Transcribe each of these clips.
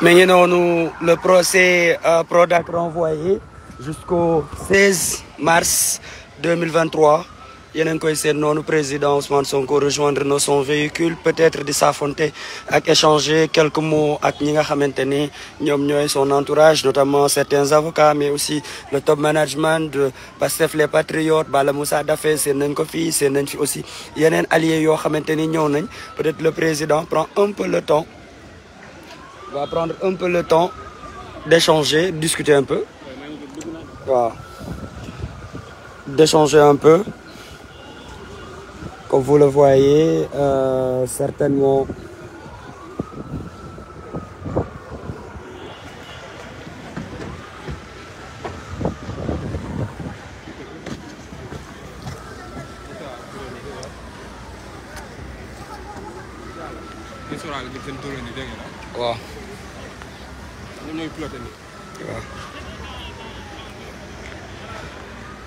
mais ngi noonu le procès euh, Prodac renvoyé jusqu'au 16 mars 2023 yéen a koy seet noonu président Ousmane Sonko rejoindre na son véhicule peut-être di s'affronter ak échanger quelques mots ak ñi nga xamante ni ñoom ñooy son entourage notamment certains avocats mais aussi le top management de Pastef les Patriotes Bala Moussa Daffé seen nañ ko fii seen nañ fi aussi yeneen alliés yoo xamante ni ñëw nañ peut-être le président prend un peu le temps on va prendre un peu le temps d'échanger discuter un peu waaw d'échanger un peu comme vous le voyez euh, certainement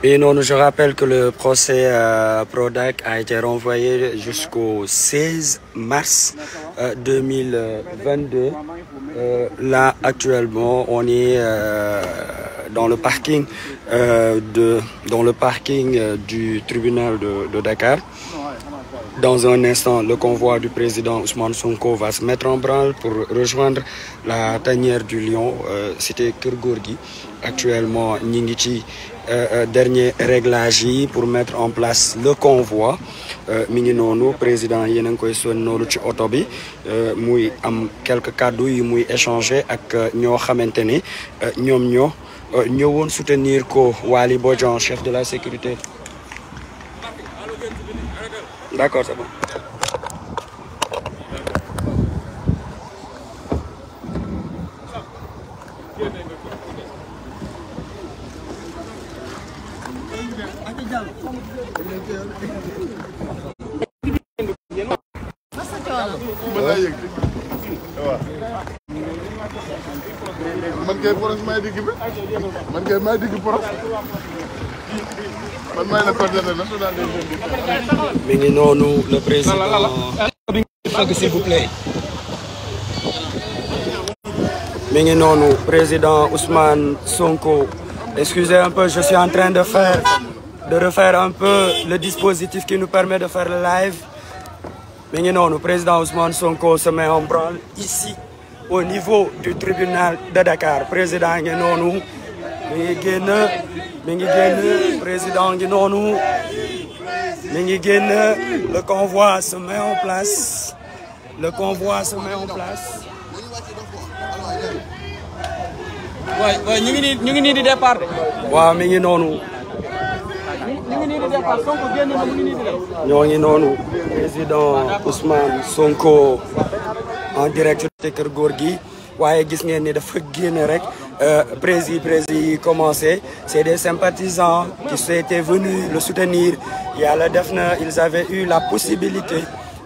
Et non, je rappelle que le procès euh, Prodac a été renvoyé jusqu'au euh, euh, actuellement, on est euh, le parking, de, le parking du tribunal Dans un instant, le convoi du président Ousmane Sonko va se mettre en branle pour rejoindre la tanière du lion, euh, cité Keur Gorgui. Actuellement, ñi ngi ci euh, euh dernier réglage yi pour mettre en place le convoi euh, mi ngi noonu président yéen a ngi koy sonn noonu ci oto bi euh, muy am quelques kàddu yi muy échanger ak ñoo xamante ni ñoom ñoo ñëwoon soutenir ko Waly Bodian chef de la sécurité D'accord, c'est bon. man kay poros may digg bi man kay may digg poros mi ngi noonu le président. s'il mi ngi noonu président Ousmane Sonko. excusez un peu je suis en train de faire de refaire un peu le dispositif qui nous permet de faire le live. mi noonu président Ousmane Sonko se met en branle ici au niveau du tribunal de Dakar président ngi mi ngi génn mi ngi génn président ngi noonu mi ngi génn le convoi se met en place le convoi se met en place. waay ñu ngi ñu ngi nii di départ de. mi ngi noonu. ñu ngi nii di noonu président Ousmane Sonko en direct te kër góor gi waaye gis ngeen ni dafa génn rek. Euh, prési prési commencé c'est des sympathisants qui étaient venus le soutenir yàlla def na ils avaient eu la possibilité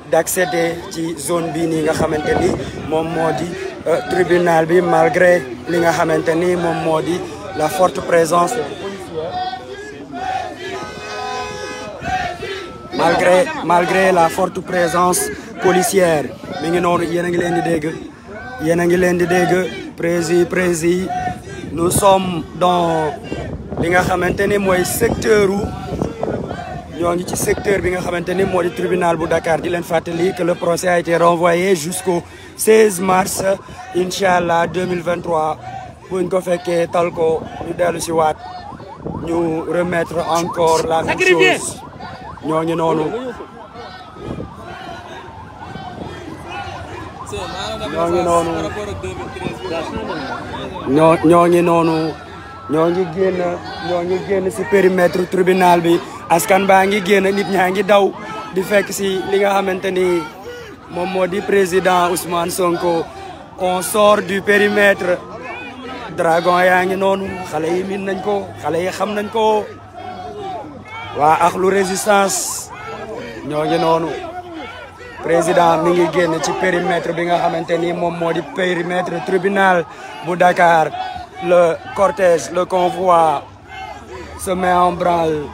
d'accéder ci zone bi nii nga xamante ni moom moo di euh, tribunal bi malgré li nga xamante ni moom moo di la forte présence malgré malgré la forte présence policière mi ngi noonu yéen a ngi leen di dégg prési prési nous sommes dans li nga xamante ni mooy secteur ñoo ngi ci secteur bi nga xamante ni moo di tribunal bu Dakar di leen fàttali que le procès a été renvoyé jusqu'au 16 mars incha allah 2023 buñ ko fekkee tal ko ñu dellu si waat ñu remettre encore la même chose ñoo ngi noonu ñoo ngi noonu ñoo ñoo ngi noonu ñoo gi génn ñoo ngi génn si périmètre tribunal bi askan baa ngi génn nit ñaa ngi daw di fekk si li nga xamante ni moom moo di président Ousmane Sonko on sort du périmètre dragon yaa ngi noonu xale yi min nañ ko xale yi xam nañ ko waa axlu résistance ñoo ngi noonu président mi ngi génn ci périmètre bi nga xamante ni moom moo di périmètre tribunal bu Dakar le cortège le convoi se met en branle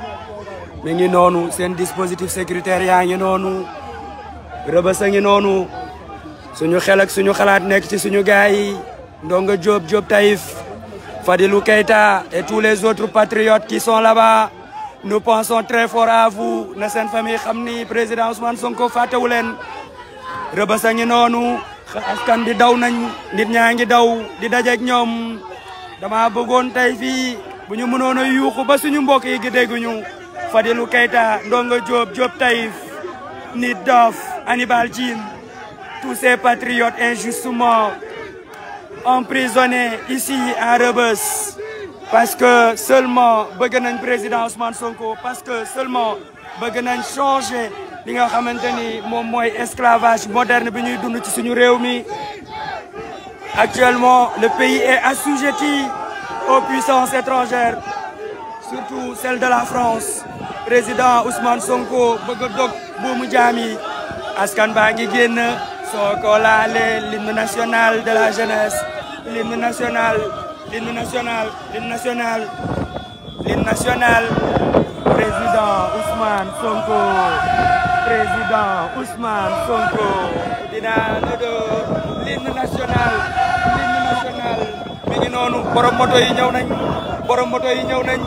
mi ngi noonu seen dispositif sécuritaire yaa ngi noonu rëbës a ngi noonu suñu xel suñu xalaat nekk ci suñu gaay yi Ndonga Diop Diop Taïf Fadilou Keita et tous les autres patriotes qui sont là nous pensons très fort à vous na seen famille xam ni président Ousmane Sonko fàttewu leen Rebeuss a ngi noonu askan bi daw nañ nit ñaa ngi daw di dajeeg ñoom dama bëggoon tey bu ñu mënoon a yuuxu ba suñu mbokk yi gi dégguñu Fadilou Keita Ndongo Diop Diop Taïf Nit Doff Hannibal Djim tous ces en injustement emprisonnés ici à Rebeuss parce que seulement bëgg nañ président Ousmane Sonko parce que seulement bëgg nañ changer li nga xamante ni moom mooy esclavage moderne bi ñuy dund ci suñu réew mi actuellement le pays est assujetti aux puissances étrangères surtout celle de la France président Ousmane Sonko bëgg a dog buumu jaam yi askan baa ngi génn soo ko laalee l'hymne national de la jeunesse l'hymne national l'hymne national l'hymne national président Ousmane Sonko président Ousmane Sonko dinaa la dóor national l'hymne national mi borom moto yi ñëw borom moto yi ñëw nañ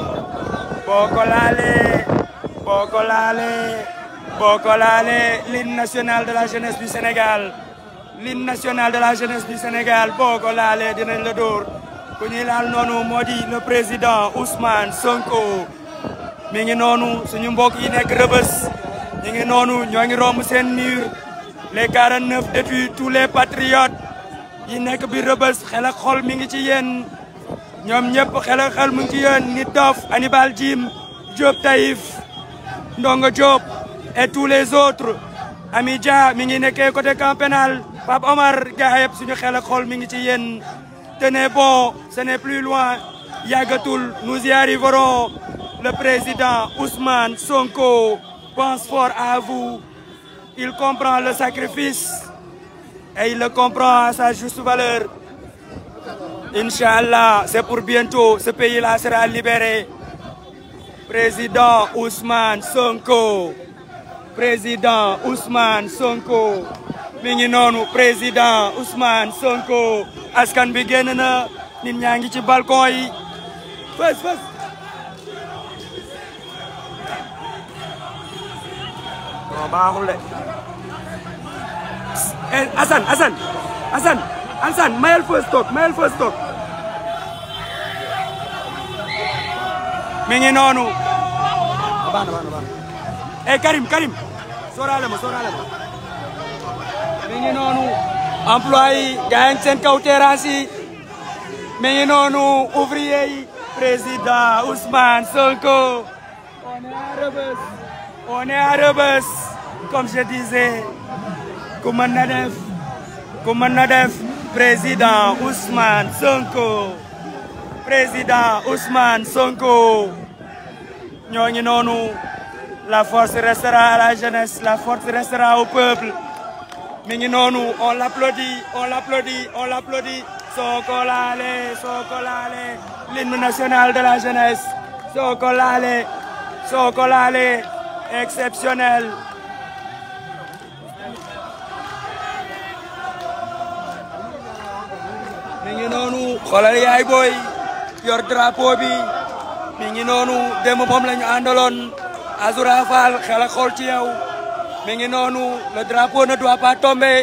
boo ko laalee boo ko laalee national de la jeunesse du Sénégal l'hymne national de la jeunesse du Sénégal boo ko laalee dinañ ku ñuy laal noonu moo di le président Ousmane Sonko mi ngi noonu suñu mbokk yi nekk rëbës ñu ngi noonu ñoo ngi rom seen mur les 49 depuis tous les patriotes yi nekk bi rëbës xel ak xol mi ngi ci yéen ñoom ñëpp xel ak xel mu ngi ci yéen nit doof Hannibal Jim Diop Taïf Ndongo Diop et tous les autres Ami Dia mi ngi nekkee côté camp pénal Pape Omar gaa yëpp suñu xel ak xol mi ngi ci yéen tenez bon ce n'est plus loin yàggatul nous y arriverons le président Ousmane Sonko pense fort à vous il comprend le sacrifice et il le comprend à sa juste valeur Inch'Allah c'est pour bientôt ce pays-là sera libéré président Ousmane Sonko président Ousmane Sonko mi ngi noonu président Ousmane Sonko askan bi génn na nit ñaa ngi ci balcon yi fës fës non mayel fës toog mi ngi noonu ah, baax eh, Karim Karim sóoraale ma ngi noonu employé yi gaa yi président Ousmane Sonko on est à Rebeuss comme je disais ku mën na def ku mën na def président Ousmane Sonko président la force restera à la jeunesse la force restera au peuple mi ngi noonu on l'applaudit on l'applaudit on l'applaudit soo ko laalee soo ko laalee l'hymne national de la jeunesse soo ko laalee soo ko laalee exceptionnel mi ngi noonu xoolal yaay booy yor bi mi ngi noonu démb moom la ñu àndaloon Azoura Fall xel mi noonu le drapeau ne doit pas tomber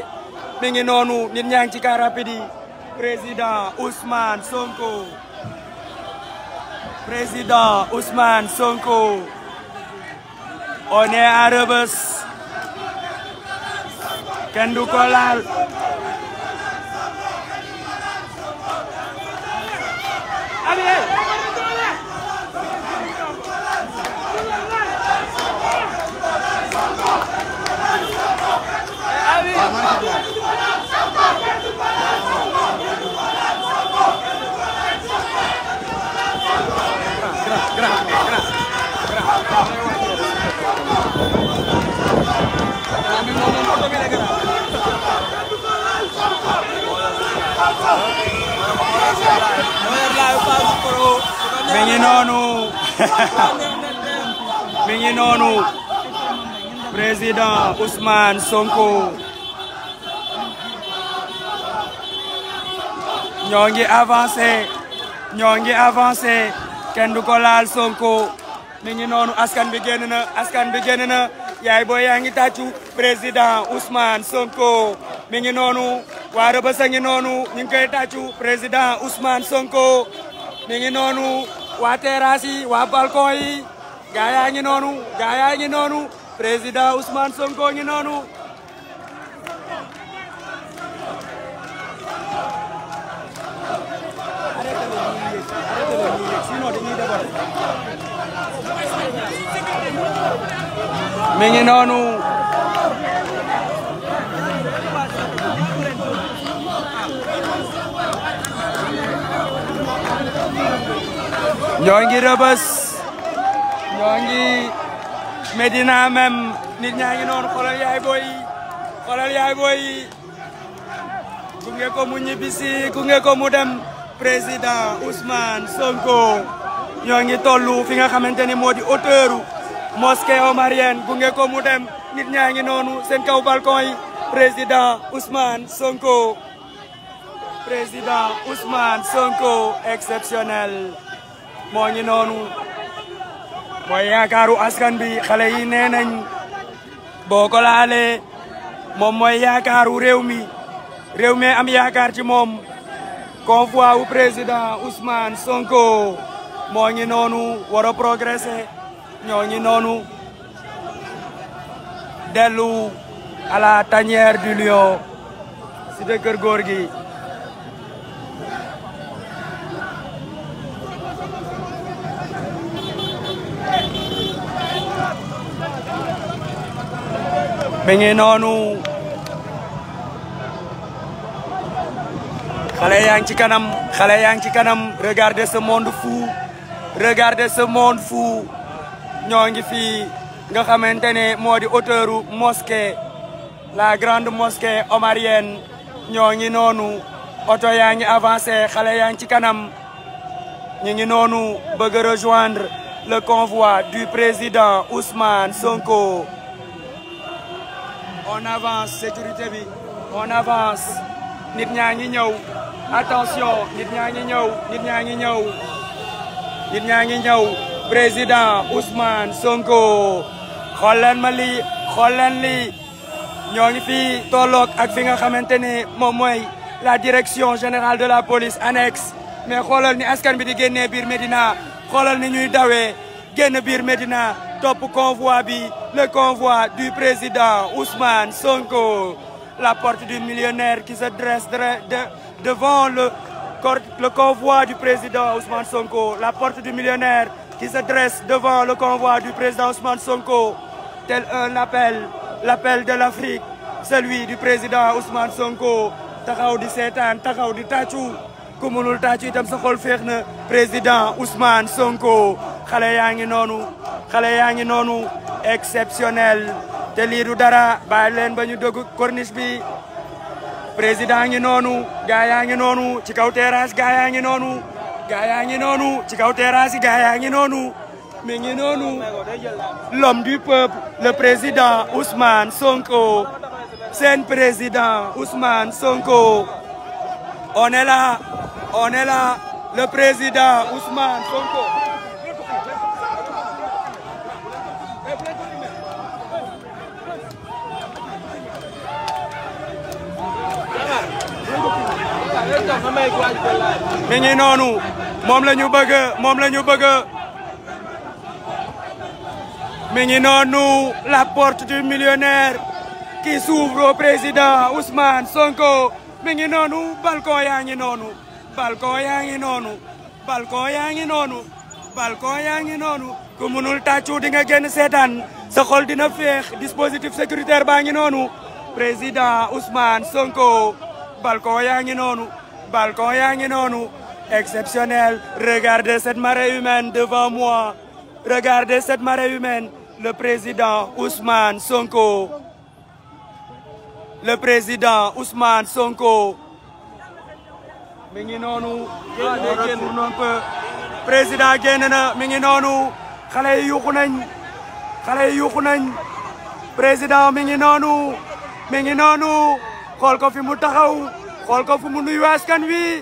noonu nit ñaa ngi ci car président Ousmane Sonko président Ousmane Sonko on est à kenn du ko mi ngi noonu mi ngi noonu président Ousmane Sonko ño ngi avancé ñoo ngi avancé kenn du ko laal Sonko mi ngi noonu askan bi génn na askan bi génn na yaay booy yaa ngi tàccu président Ousmane Sonko mi ngi noonu. waa Rëbës a ngi noonu ñu ngi koy tàccu président Ousmane Sonko mi ngi noonu waa terrasse waa balcon gaa yaa ngi noonu gaa yaa ngi noonu président Ousmane Sonko ngi noonu. mi ngi noonu. ñoo ngi rëbës ñoo ngi Medina même nit ñaa ngi noonu xoolal yaay booy xoolal yaay booy gunge ko mu ñibbisi gunge ko mu dem président Ousmane Sonko ñoo ngi tollu fi nga xamante ni moo di hauteur mosquée omarienne gunge ko mu dem nit ñaa ngi noonu seen kaw balcon yi président Ousmane Sonko président Ousmane Sonko exceptionnel moo ñu noonu mooy yaakaaru askan bi xale yi nee nañ boo ko laalee moom mooy yaakaaru réew mi réew mi am yaakaar ci moom convoi wu président Ousmane Sonko moo ngi noonu war a progresser ñoo ngi noonu dellu à la tanière si de góor gi mi ngi noonu xale yaa ngi ci kanam xale yaa ngi ci kanam regardez ce monde fou regardez ce ñoo ngi fi nga xamante ne moo di hauteur u la grande mosquée omarienne ñoo ngi noonu oto yaa ngi avancé xale yaa ngi ci kanam ñu ngi noonu bëgg rejoindre le convoi du président Ousmane Sonko on avance sécurité bi on avance nit ñaa ngi ñëw attention nit ñaa ngi ñëw nit ñaa ngi ñëw nit ñaa ngi ñëw président Ousmane Sonko xool mali ma lii xool leen ñoo ngi fi tolloog ak fi nga xamante ne moom mooy la direction général de la police annexe mais xoolal ni askan bi di génnee biir Médina xoolal ni ñuy dawee génn biir Médina topp convoi bi le convoi du président Ousmane Sonko la porte du millionnaire qui se dresse de, devant le, le convoi du président Ousmane Sonko la porte du millionnaire qui se dresse devant le convoi du président Ousmane Sonko tel un appel l'appel de l'Afrique président Ousmane Sonko taxaw di seetaan ku munul tàccu itam sa xol féex na président Ousmane Sonko xale yaa ngi noonu xale yaa ngi noonu exceptionnel te lii du dara bàyyi leen ba ñu dogg corniche bi président ngi noonu ga yaa ngi noonu ci kaw terrasse gaa yaa ngi noonu gaa yaa ngi noonu ci kaw terrasse gaa yaa ngi noonu mi ngi noonu l'homme du peuple le président Ousmane Sonko seen président Ousmane Sonko on est là on le président Ousmane Sonko. mi ngi noonu moom la ñu bëgg moom la ñu bëgg mi ngi la porte du millionnaire qui s'ouvre au président Ousmane Sonko. mi ngi noonu balcon yaa ngi noonu balcon yaa ngi noonu balcon yaa ngi noonu balcon yaa ngi noonu ku munul tàccu di nga génn seetaan sa xol dina féex dispositif sécuritaire baa ngi noonu président Ousmane Sonko balcon yaa ngi noonu balcon yaa ngi noonu exceptionnel regardez cette marée humaine devant moi regardez cette marée humaine le président Ousmane Sonko le président Ousmane Sonko mi ngi noonu génn président génn na mi ngi noonu xale yi nañ xale yi nañ président mi ngi noonu mi ngi noonu xool ko fi mu taxaw xool ko fi mu nuyu kan wi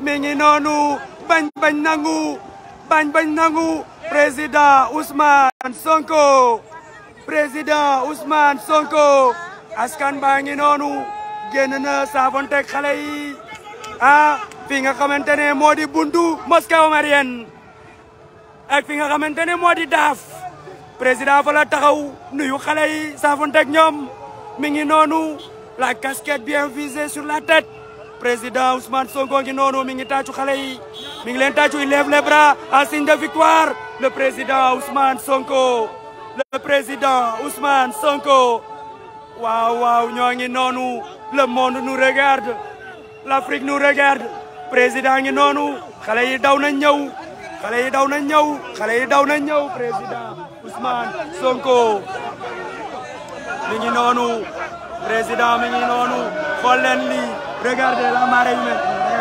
mi ngi noonu bañ bañ nangu bañ bañ nangu président Ousmane Sonko président Ousmane Sonko askan baa ngi noonu génn na saafonteeg xale yi ah fi nga xamante ne moo di buntu mosquée omarienne ak fi nga xamante ne moo di daaf président fa la taxaw nuyu xale yi saafonteeg ñoom mi ngi noonu la casquette bien visée sur la tête président Ousmane Sonko ngi noonu mi ngi tàccu xale yi mi ngi leen tàccu il lève les bras en signe de victoire le président Ousmane Sonko président Ousmane Sonko waaw waaw ñoo ngi noonu le monde nous regarde l'Afrique nous regarde président ngi noonu xale yi daw nañ ñëw xale yi daw na ñëw xale yi daw nañ ñëw président Ousmane Sonko mi ngi noonu président mi ngi noonu xool leen lii regardez la marée humaine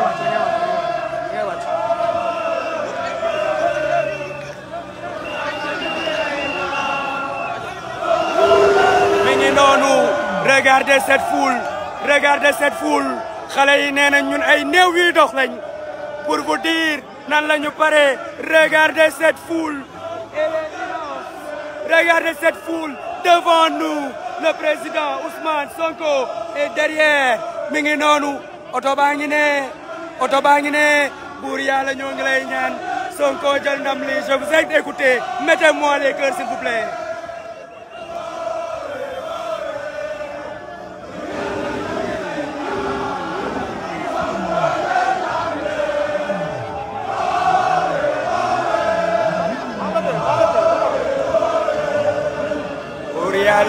noonu regardez cette foule regardez cette foule xale yi nee nañ ñun ay néew yuy dox lañ pour vous dire nan la ñu paree regardez cette foule regardez cette foule devant nous le président Ousmane Sonko est derrière mi ngi noonu oto baa ngi ne oto baa ngi ne buur yàlla ñoo ngi lay ñaan Sonko jël ndam li je vous ai écouté mettez-moi les cœurs s'il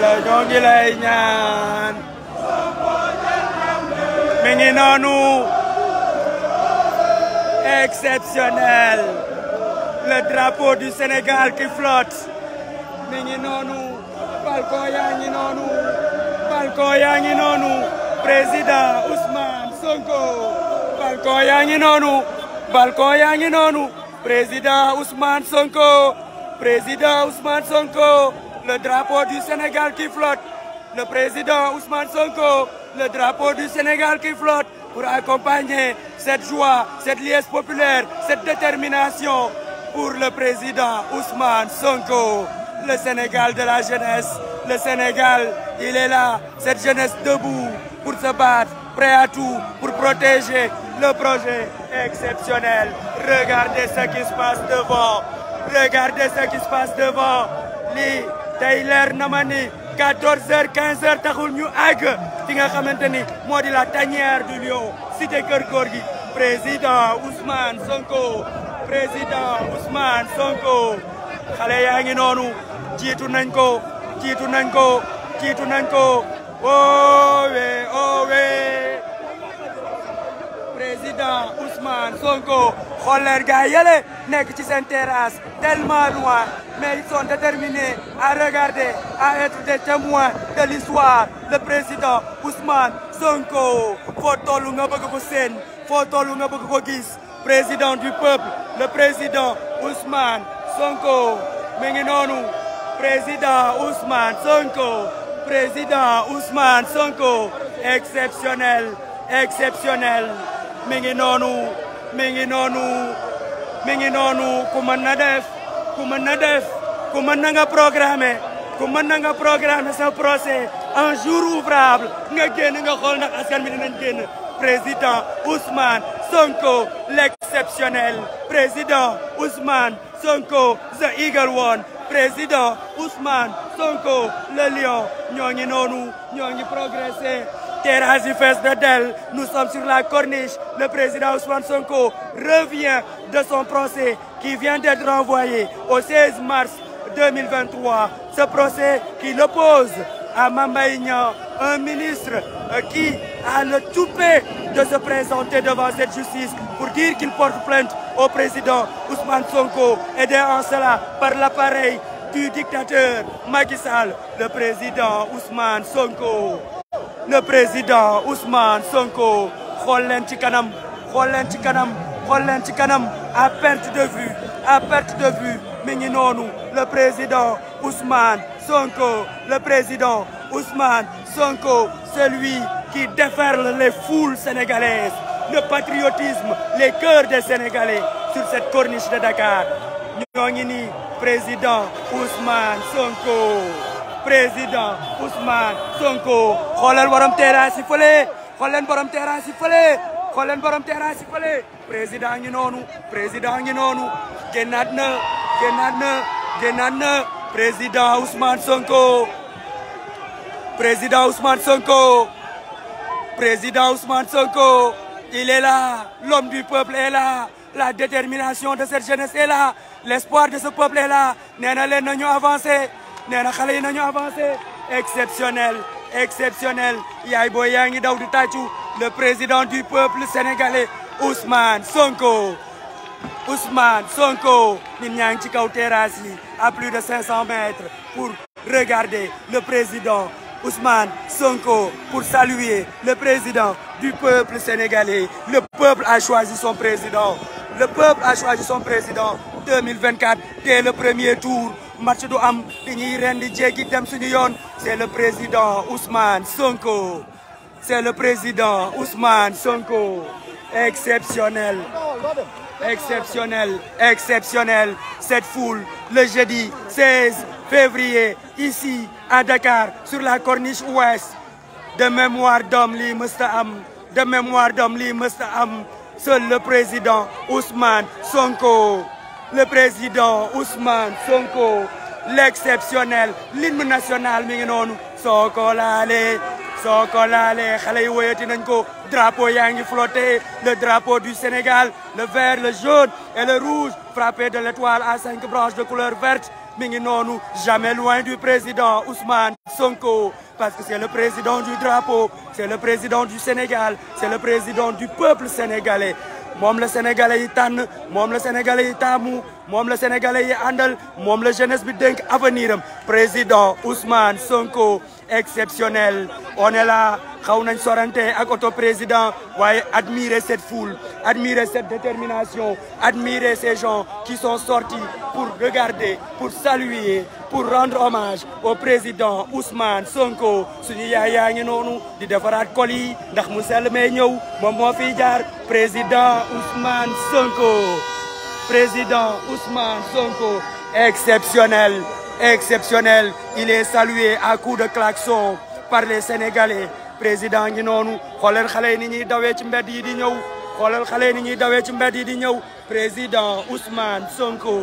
yàlla ñoo ngi lay ñaan mi ngi noonu exceptionnel le drapeau du Sénégal qui flotte mi ngi noonu balcon yaa ngi noonu balcon yaa ngi noonu président Ousmane Sonko balcon yaa ngi yaa ngi noonu président Ousmane Sonko président Ousmane le drapeau du Sénégal qui flotte le président Ousmane Sonko le drapeau du Sénégal qui flotte pour accompagner cette joie cette liesse populaire cette détermination pour le président Ousmane Sonko le Sénégal de la jeunesse le Sénégal il est là cette jeunesse debout pour se battre prêt à tout pour protéger le projet exceptionnel regardez ce qui se passe devant regardez ce qui se passe devant lii tey leer na ma ni taxul ñu àgg fi nga xamante ni moo di la tanière du lion cité kër góor gi président Sonko président Ousmane Sonko xale noonu jiitu nañ ko jiitu nañ ko jiitu nañ ko owe owe président Ousmane Sonko xool leen gars nekk ci seen terrasse tellement loin mais ils sont déterminés à regarder à être des témoins de l'histoire le président Ousmane Sonko foo tollu nga bëgg ko seen foo tollu nga bëgg ko gis président du peuple le président Ousmane Sonko mi ngi noonu président Ousmane Sonko président Ousmane Sonko exceptionnel exceptionnel mi ngi noonu mi ngi noonu mi ngi noonu ku mën na def ku mën na def ku mën na nga programmer ku mën na nga programmer sa procès un jour ouvrable nga génn nga xool ndax askan bi dinañ génn président Ousmane Sonko l'exceptionnel président Ousmane Sonko the eagle one président Ousmane Sonko le lion ñoo ngi noonu ñoo ngi progresser terrasse yi fees de del nous sommes sur la corniche le président Ousmane Sonko revient de son procès qui vient d'être renvoyé au 16 mars 2023 ce procès qui l'oppose à Mame Mbaye Niang un ministre euh, qui a le toupet de se présenter devant cette justice pour dire qu'il porte plainte au président Ousmane Sonko aidé en cela par l'appareil du dictateur Macky Sall le président Ousmane Sonko le président Ousmane Sonko xool leen ci kanam xool leen ci kanam xool leen ci kanam à perte de vue à perte de vue mi ngi le président Ousmane Sonko le président Ousmane Sonko celui qui déferle les foules sénégalaises le patriotisme les cœurs des Sénégalais sur cette corniche de Dakar ñoo ngi nii président Ousmane Sonko président Ousmane Sonko xoolal borom terrasse yi fële xool leen borom terrasse yi fële xool leen borom terrasse yi président ngi noonu président ngi noonu génnaat na génnaat na génnaat na président Ousmane Sonko président Ousmane Sonko président Ousmane Sonko il est là l'homme du peuple est là la détermination de cette jeunesse est là l'espoir de ce peuple est là nee na leen na ñu nee na xale yi na nañu avancé exceptionnel exceptionnel yaay booy yaa ngi daw di tàccu le président du peuple sénégalais Ousmane Sonko Ousmane Sonko nit ñaa ngi ci kaw terrasse yi à plus de 500 mètres pour regarder le président Ousmane Sonko pour saluer le président du peuple sénégalais le peuple a choisi son président le peuple a choisi son président 2024 dès le premier tour match du am dañuy ren di jéggi dem suñu yoon c'est le président Ousmane Sonko c'est le président Ousmane Sonko exceptionnel exceptionnel exceptionnel cette foule le jeudi 16 février ici à Dakar sur la corniche ouest de mémoire d'homme lii mësta am de mémoire d'homme lii mësta am seul le président Ousmane Sonko le président Ousmane Sonko l'exceptionnel l'hymne national mi ngi noonu soo ko laalee soo ko laalee xale yi woyati nañ ko drapeau yaa ngi flotté le drapeau du Sénégal le vert le jaune et le rouge frappé de l'étoile à cinq branches de couleur verte mi ngi noonu jamais loin du président Ousmane Sonko parce que c'est le président du drapeau c'est le président du Sénégal c'est le président du peuple sénégalais moom la sénégalais yi tànn moom la sénégalais yi taamu moom la sénégalais yi àndal moom la jeunesse bi dénk avenir am président Ousmane Sonko exceptionnel on est là xaw nañ sorante ak auto président waaye admirer cette foule admirer cette détermination admirer ces gens qui sont sortis pour regarder pour saluer pour rendre hommage au président Ousmane Sonko suñu yaay yaa ngi noonu di defaraat kol yi ndax mu sell may ñëw moom moo fiy jaar président Ousmane Sonko président Ousmane Sonko exceptionnel exceptionnel il est salué à coups de klaxon par les Sénégalais président ngi noonu xoolal xale yi ni ñuy dawee ci mbedd yi di ñëw xoolal xale ni ñuy dawee ci mbedd yi di ñëw président Ousmane Sonko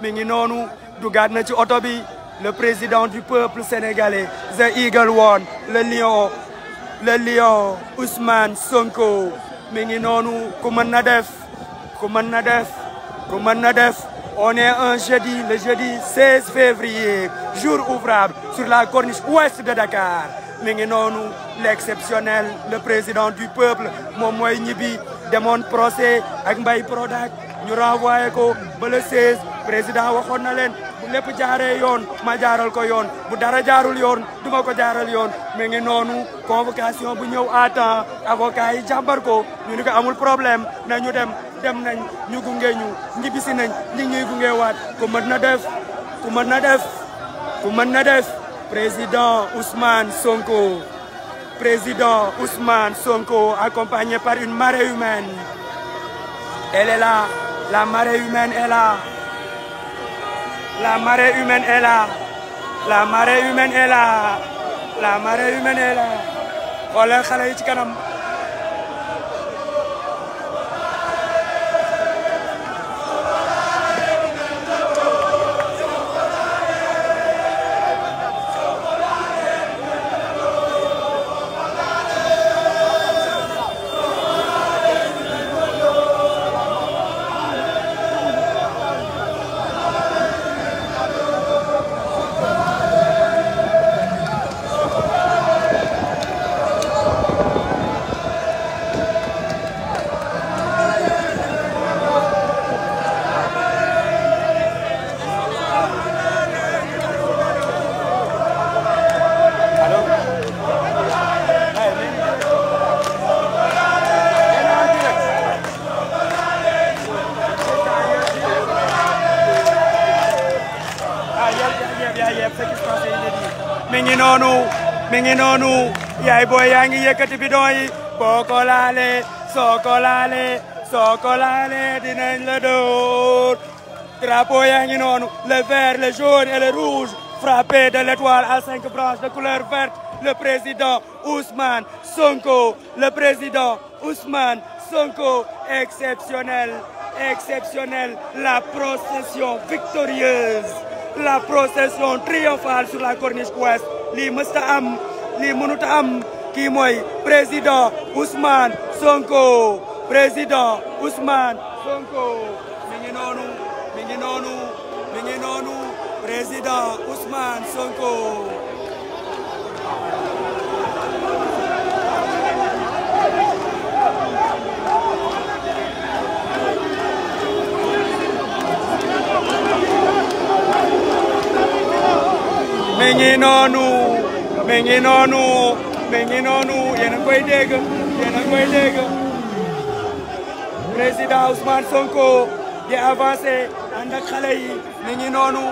mi ngi noonu dugaat na ci oto bi le président du peuple sénégalais the eagle one le lion le lion Ousmane Sonko mi ngi noonu ku mën na def ku mën na def ku mën na def on est un jeudi le jeudi 16 février jour ouvrable sur la corniche ouest de Dakar mi ngi noonu l'exceptionnel le président du peuple moom mooy ñibbi demoon procès ak mbay Prodac ñu renvoyé ko ba le président waxoon na leen bu lépp jaaree yoon ma jaaral ko yoon bu dara jaarul yoon duma ko jaaral yoon mi ngi noonu convocation bu ñëw à temps avocat yi jàmbar ko ñu ni ko amul problème na ñu dem dem nañ ñu gunge ñibbi si nañ ñi ñuy gunge waat na def ku mën na def ku mën na def Président Ousmane Sonko. Président Ousmane Sonko, accompagné par une marée humaine. Elle est là. La marée humaine est là. La marée humaine est là. La marée humaine est là. La marée humaine est là. xoolal xale yi ci kanam. ngi noonu yaay booy yaa ngi yëkkati bidon yi boo ko laalee soo ko laalee yaa ngi noonu le vert le jaune et le rouge frappé de l'étoile à cinq branches de couleur verte le président Ousmane Sonko le président Ousmane Sonko exceptionnel exceptionnel la procession victorieuse la procession triomphale sur la corniche ouest lii mësta lii mënut a am kii mooy président Ousmane Sonko président Ousmane Sonko mi ngi noonu mi ngi noonu mi président Ousmane Sonko. mi ngi noonu mi ngi noonu mi ngi noonu yéen a ngi koy dégg yéen président Ousmane Sonko di avancé ànd ak xale ngi noonu.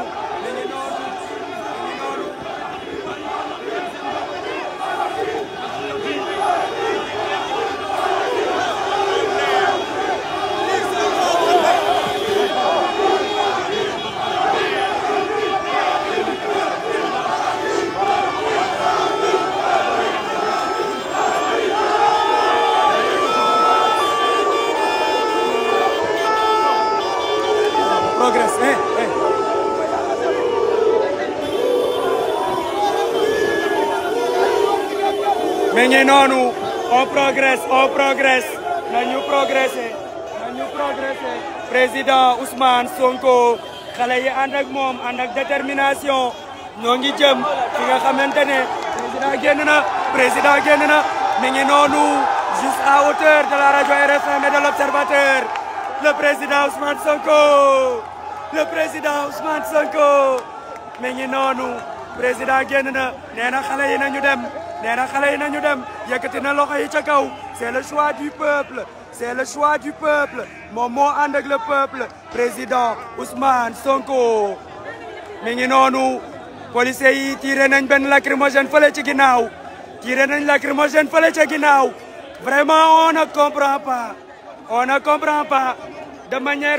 noonu on progresse on progresse nañu progresser président Ousmane Sonko xale yi ànd ak moom ànd ak détermination ñoo ngi jëm xamante ne na président génn na mi ngi noonu juste à hauteur de la radio RFM et de l'Observateur le président Ousmane Sonko le président Ousmane Sonko mi ngi génn na nee na xale yi nañu dem nee na xale yi nañu dem yëkkati na loxo yi ca kaw c'est le choix du peuple c'est le choix du peuple moom moo ànd ak le peuple président Ousmane Sonko mi ngi noonu policiers yi tiré nañ benn lacrymogène fële ci ginnaaw tiré nañ lacrymogène fële ca ginnaaw vraiment on ne comprend pas on ne comprend pas de manière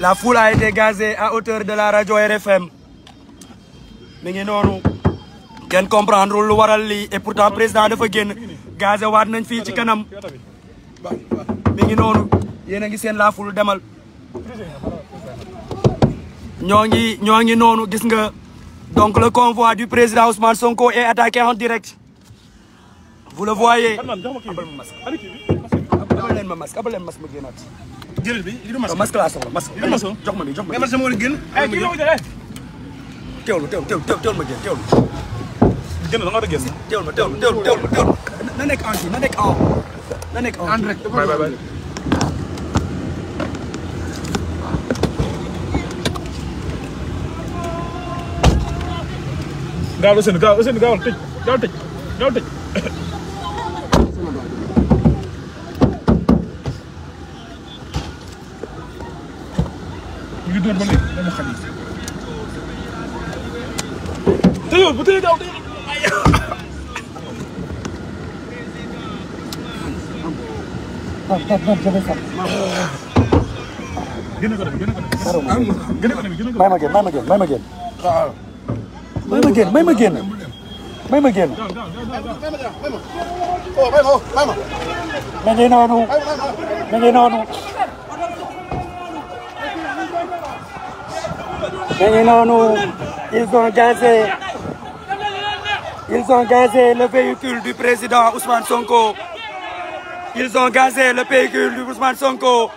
La foule a été gazée à hauteur de la rajo RFM mi noonu kenn comprendre lu waral li et pourtant président dafa génn gazé waat nañ fii ci kanam mi noonu yéen a ngi seen la foule demal ñoo ngi ñoo ngi noonu gis nga donc le convoi du président Ousmane Sonko est attaqué en direct vous le voyez ma jël bi li du mas. masque laa soxla masque. li du masoo jox ma nii jox ma nii. mais sama war a génn. ay eh, kii ñoo jëlee. Eh. teewlu teewlu teewlu teewlu ma génn teewlu. génn da nga war a génn. teewlu ma teewlu teewlu teewlu teewlu. na nekk en kii na nekk en. na nekk en en rek. bay bay bay. gaaw Ousseynou gaaw Ousseynou gaawal tëj gaawal tëj gaawal tëj. dóor ba léegi dama xam te yow bu tëyee gaaw tey waaw waaw waaw jafe sax. gën a ko def gën a ko def. dara moom gën a ko def gën a ko def. may ma génn may ma génn may ma génn. waaw. may ma génn may ma génn. may ma génn. Oh, ma ngi noonu. ma ngi noonu. ñu ngi noonu ils ont gazé ils ont gazé le véhicule du président Ousmane Sonko. ils ont gazé le véhicule du Sonko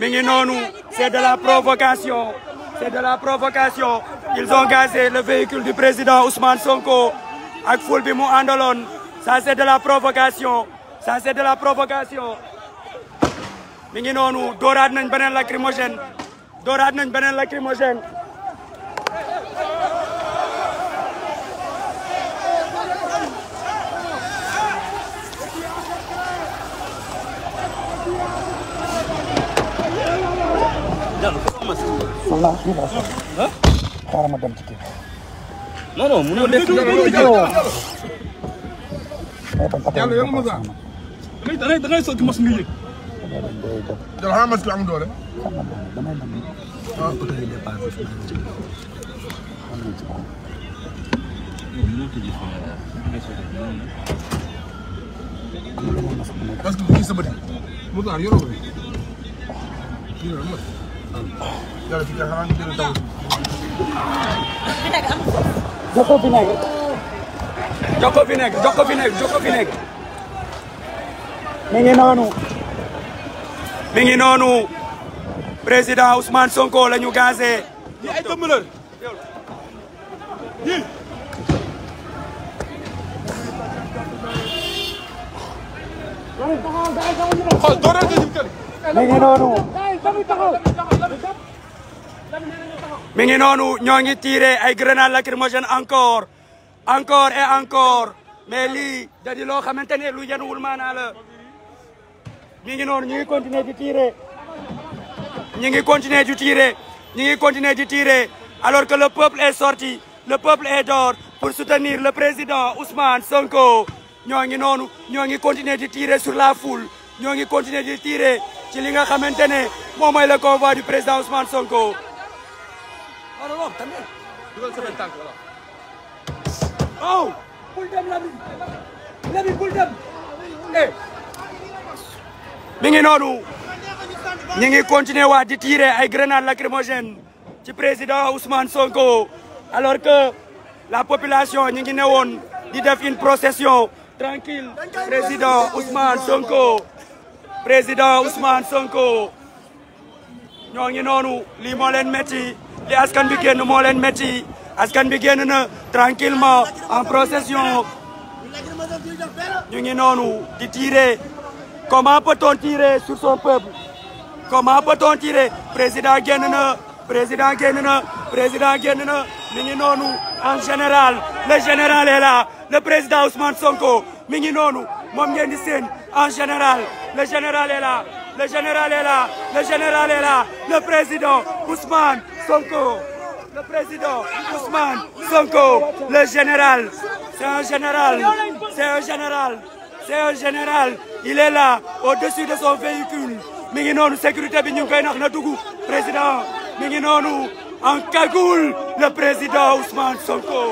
mi ngi noonu c'est de la provocation c'est la provocation ils ont gazé le véhicule du président Ousmane Sonko ak foule bi mu àndaloon ça c'est de la provocation sa c'est de la provocation mi ngi noonu dooraat nañ beneen lacrymogène dooraat nañ beneen lacrymogène man naa suñu xaalis xaaral ma dem ci kii non non munoo def ci da ngay soog mos nga yëg. yow xanaa mos nga am doole. damay dem ah oto yi départ bi fi ci parce que bu sama jox ko fi nekk jox ko fi nekk jox ko fi président Ousmane Sonko la ñu gazé. di ay dëmbëlër. mi mi ngi noonu ñoo ngi tiré ay grenades lacrymogènes encore encore et encore mais lii da loo xamante ne lu yenuwul maanaa la ngi noonu ñu ngi continuer di tiré ñu ngi continuer di tiré ñu ngi continuer di tiré alors que le peuple est sorti le peuple est dehors pour soutenir le président Ousmane Sonko ñoo ngi noonu ñoo ngi continuer di tirer sur la foule ñoo ngi continuer di tirer ci li nga xamante ne moom mooy le du président Ousmane Sonko. waaw. Oh! bul dem Lamine. Lamine bul eh! mi ngi noonu. ñi ngi continuer waa di tirer ay grenades lacrymogènes ci président Ousmane Sonko alors que la population ñi ngi newoon di def une procession tranquille président Ousmane Sonko. président Ousmane Sonko ñoo ngi noonu lii moo leen métti li askan bi génn moo leen métti askan bi génn na tranquillement en procession ñu ngi noonu di tirer comment peut-on tirer sur son peuple comment peut-on tirer président génn na président génn na président génn na mi ngi noonu en général le général est là le président Ousmane Sonko mi ngi noonu moom ngeen di seen en général le général est là le général est là le général est là le président Ousmane Sonko le président Ousmane Sonko le général c'est un général c'est un général c'est un général il est là au-dessus de son véhicule mi ngi noonu sécurité bi ñu ngi koy nax na dugg président mi ngi noonu en cagoule le président Ousmane Sonko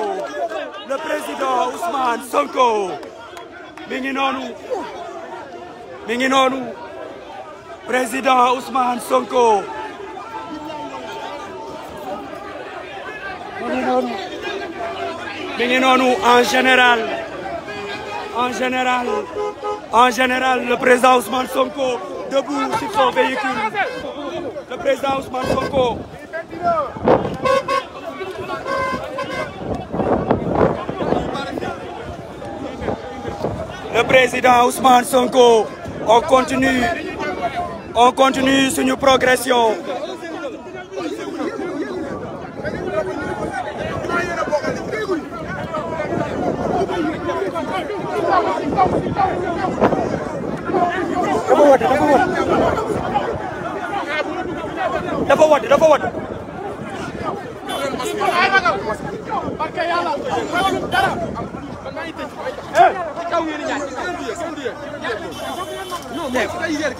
le président Ousmane Sonko mi ngi noonu mi ngi noonu président Ousmane Sonko mi ngi noonu mi en général en général en le président Ousmane Sonko debout sur son véhicule le président Sonko on continue on continue suñu progression dafa wad dafa wad non mooy man lañ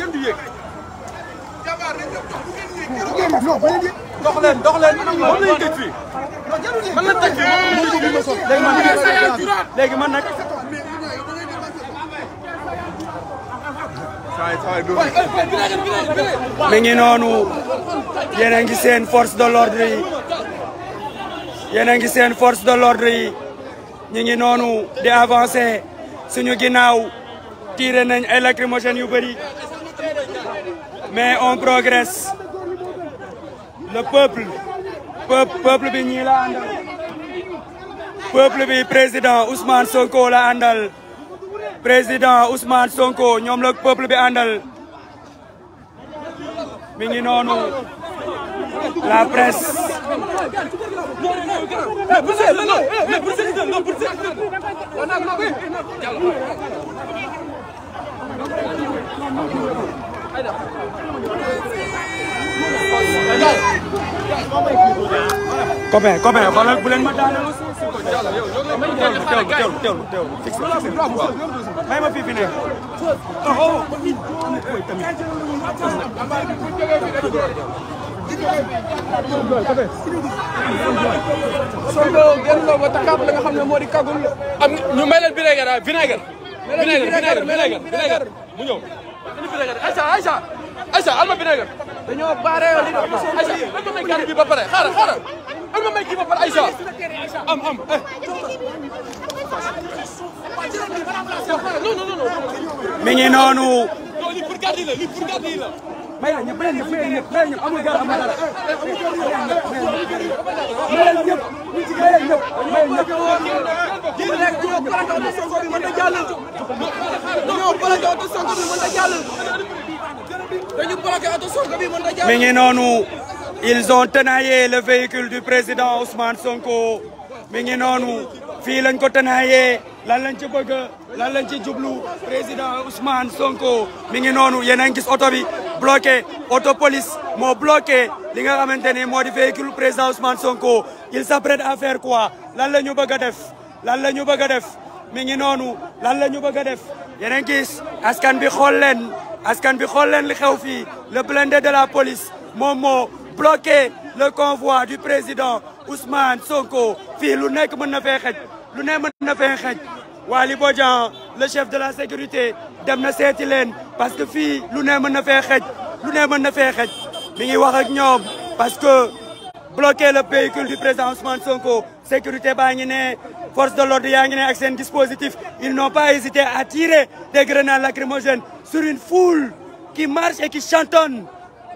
tëj nag. mi ngi noonu yéen seen force de l'ordre yi seen force de l'ordre yi ngi noonu di avancer suñu ginnaaw. tiire nañ ay lacrymogènes yu bëri mais on progresse le peuple peuple bi ñii la àndal peuple bi président Ousmane Sonko la àndal président Ousmane Sonko ñoom la peuple bi àndal mi ngi noonu la presse copain copain xoolal bu leen ma daaneel. teewlu teewlu teewlu teewlu fixé fixé waaw may ma fii fi nekk. Sonko gën la ba takkaat la nga xam ne moo di kagul. am ñu may leen vinaigre ah vinaigre. vinaigre vinaigre vinaigre mu ñëw. Aïcha Aïcha Aïcha alma vinaigre. dañoo baare yow li doon Aïcha lan nga may gàddu gi ba pare xaaral xaaral lan nga may kii ba pare Aïcha am am. Eh. mi ngi noonu. lii pour gàddu la lii pour la. may la ñëpp may la ñëpp may la ñëpp may la ñëpp amul dara amul dara may la ñëpp may la de ils ont tenaillé le véhicule du président Ousmane Sonko mi ngi noonu fii lañ ko tenaillé lan lañ ci bëgg lan lañ ci jublu président Ousmane Sonko mi ngi noonu yéen a ngi gis oto bi bloqué auto police moo bloqué li nga xamante ni moo di véhicule président Ousmane Sonko il s'apprête à faire quoi lan la ñu bëgg a def lan la ñu bëgg a def mi ngi noonu lan la ñu bëgg a def yéen gis askan bi xool leen askan bi xool leen li xew fii le blindé de la police moom moo bloqué le convoi du président Ousmane Sonko fii lu nekk mën na fee lu ne mën na fee xej Waly Bodian le chef de la sécurité dem na seeti leen parce que fii lu ne mën na fee xej lu ne mën na xej mi ngi wax ak ñoom parce que bloquer le véhicule du président Ousmane Sonko sécurité baa ngi ne force de l'ordre yaa ngi ne ak seen dispositif ils n'ont pas hésité à tirer des grenades lacrymogènes sur une foule qui marche et qui chantonne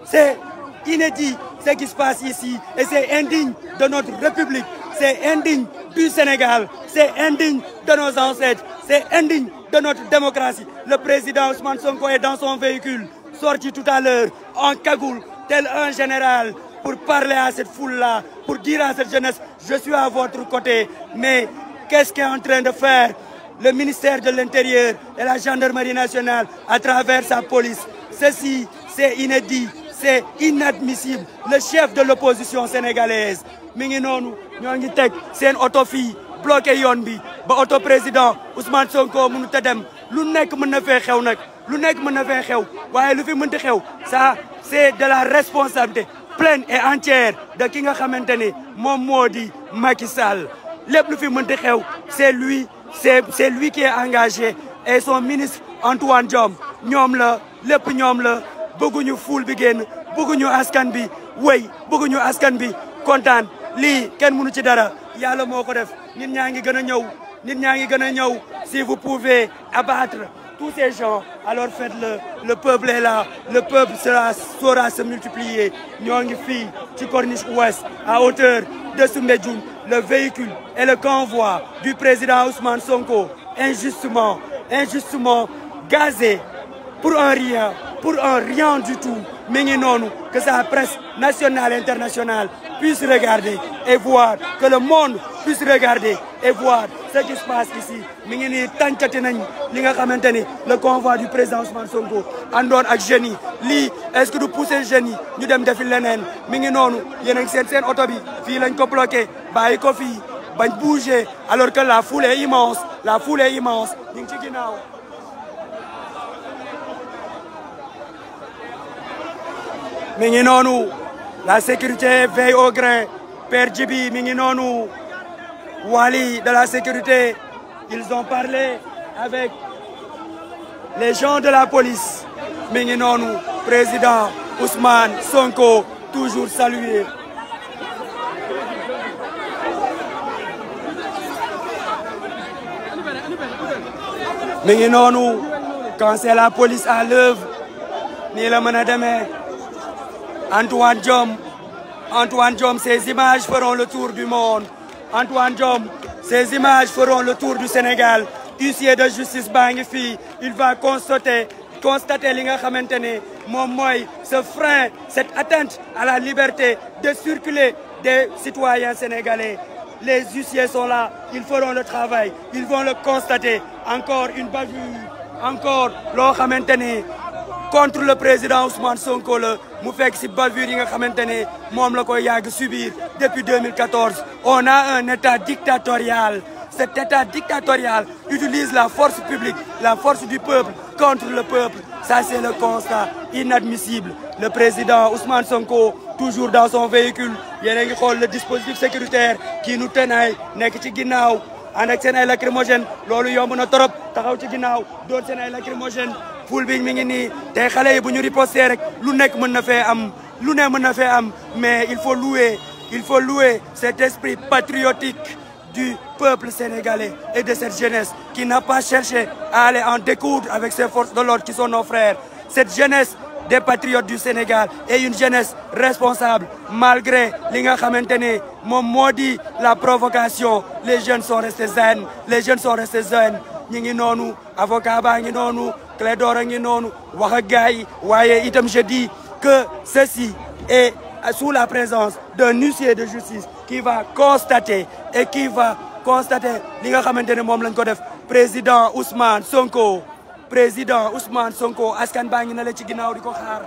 c'est inédit ce qui se passe ici et c'est indigne de notre République c'est indigne du Sénégal. C'est indigne de nos ancêtres, c'est indigne de notre démocratie. Le président Ousmane Sonko est dans son véhicule, sorti tout à l'heure en cagoule, tel un général, pour parler à cette foule-là, pour dire à cette jeunesse, je suis à votre côté. Mais qu'est-ce qu'est en train de faire le ministère de l'Intérieur et la Gendarmerie nationale à travers sa police Ceci, c'est inédit, c'est inadmissible. Le chef de l'opposition sénégalaise mi ngi noonu ñoo ngi teg seen oto fii bloqué yoon bi ba auto président Ousmane Sonko mënut a dem lu nekk mën na fee xew nag lu nekk mën na fee xew waaye lu fi mënti xew ça c'est de la responsabilité pleine et entière de ki nga xamante ni moom moo di Macky lépp lu fi mën mënti xew c'est lui c'est c'est lui qui est engagé et son ministre Antoine Diome ñoom la lépp ñoom la bëgguñu fuul bi génn bëgguñu askan bi wéy bëgguñu askan bi kontaan lii kenn mënu ci dara yàlla moo ko def nit ñaa ngi gën a ñëw nit ñaa ngi gën a ñëw si vous pouvez abattre tous ces gens alors faites-le le peuple est là le peuple sera saura se multiplier ñoo ngi fii ci corniche ouest à hauteur de Soumbédioune le véhicule et le convoi du président Ousmane Sonko injustement injustement gazé pour un rien pour un rien du tout mi ngi noonu que sa presse nationale international puisse regarder et voir que le monde puisse regarder et voir ce qui se passe si mi ngi nii tàncati nañ li nga xamante ni le convoi du président Ousmane Sonko ak jeunes yi lii est-ce que du pousser jeunes yi ñu dem defi leneen mi ngi noonu yeneen a seen seen oto bi fii lañ ko bloqué bàyyi ko fii bañ bouger alors que la foule est immense la foule est immense ñu ngi ci ginnaaw mi ngi noonu la sécurité veille au grain Père Djibi mi ngi noonu Wali de la sécurité ils ont parlé avec les gens de la police mi ngi noonu président Ousmane Sonko toujours salué mi noonu quand c'est la police à l'œuvre nii la mën a demee Antoine Diome Antoine Diome ces images feront le tour du monde Antoine Diome ces images feront le tour du Sénégal huissier de justice baa ngi fi il va constater constater li nga xamante ne moom mooy ce frein cette atteinte à la liberté de circuler des citoyens sénégalais les huissiers sont là ils feront le travail ils vont le constater encore une bavure encore loo contre le président Ousmane Sonko la mu fekk ci bavure yi nga xamante ne moom la koy yàgg subir depuis 2014 on a un état dictatorial cet état dictatorial utilise la force publique la force du peuple contre le peuple ça c'est le constat inadmissible le président Ousmane Sonko toujours dans son véhicule yéen a ngi xool le dispositif sécuritaire qui nous tenaille nekk ci ginnaaw ànd ak seen ay lacrymogène loolu yomb na trop taxaw ci ginnaaw lacrymogène poule bi mi ngi nii tey xale yi bu ñu riposté rek lu nekk mën na fee am lu ne mën na fee am mais il faut lue il faut louer cet esprit patriotique du peuple sénégalais et de cette jeunesse qui n'a pas cherché à aller en découdre avec ces forces de l'ordre qui sont nos frères cette jeunesse des patriotes du Sénégal et une jeunesse responsable malgré li nga xamante ne moom moo di la provocation les jeunes sont restés zen les jeunes sont restés zen ñi ngi noonu avocat baa ngi noonu Clédor a ngi noonu wax ak gars yi waaye itam je dis que ceci est sous la présence d'un huissier de justice qui va constater et qui va constater li nga xamante ne moom lañ ko def président Ousmane Sonko président Ousmane Sonko askan baa ngi na la ci ginnaaw di ko xaar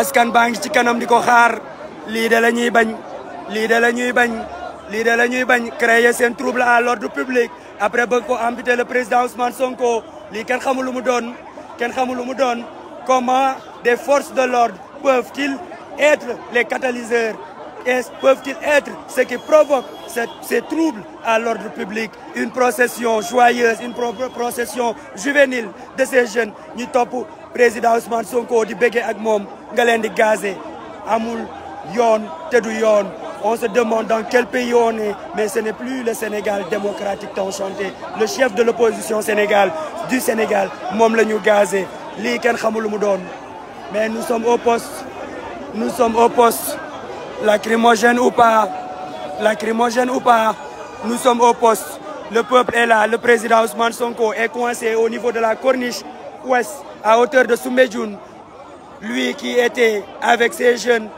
askan baa ngi ci kanam di ko xaar lii de la ñuy bañ lii de la ñuy bañ lii de la ñuy bañ créer seen trouble à l'ordre public après bëgg ko amputé le président Ousmane Sonko lii kenn xamul lu mu doon kenn xamul lu mu doon comment des forces de l'ordre peuvent-ils être les catalyseurs et peuvent-ils être ce qui provoque ces troubles à l'ordre public une procession joyeuse une procession juvénile de ces jeunes ñu topp président Ousmane Sonko di béggee ak moom nga di gazé amul yoon tedu du yoon on se demande dans quel pays on est mais ce n'est plus le Sénégal démocratique tant chanté le chef de l'opposition Sénégal du Sénégal moom la ñu gazé lii kenn xamul mu doon mais nous sommes au poste nous sommes au poste lacrymogène ou pas lacrymogène ou pas nous sommes au poste le peuple est là le président Ousmane Sonko est coincé au niveau de la corniche ouest à hauteur de Soumbédioune lui qui était avec ses jeunes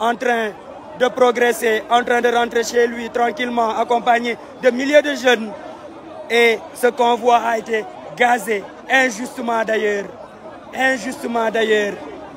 en train de progresser, en train de rentrer chez lui tranquillement, accompagné de milliers de jeunes. Et ce convoi a été gazé, injustement d'ailleurs. Injustement d'ailleurs.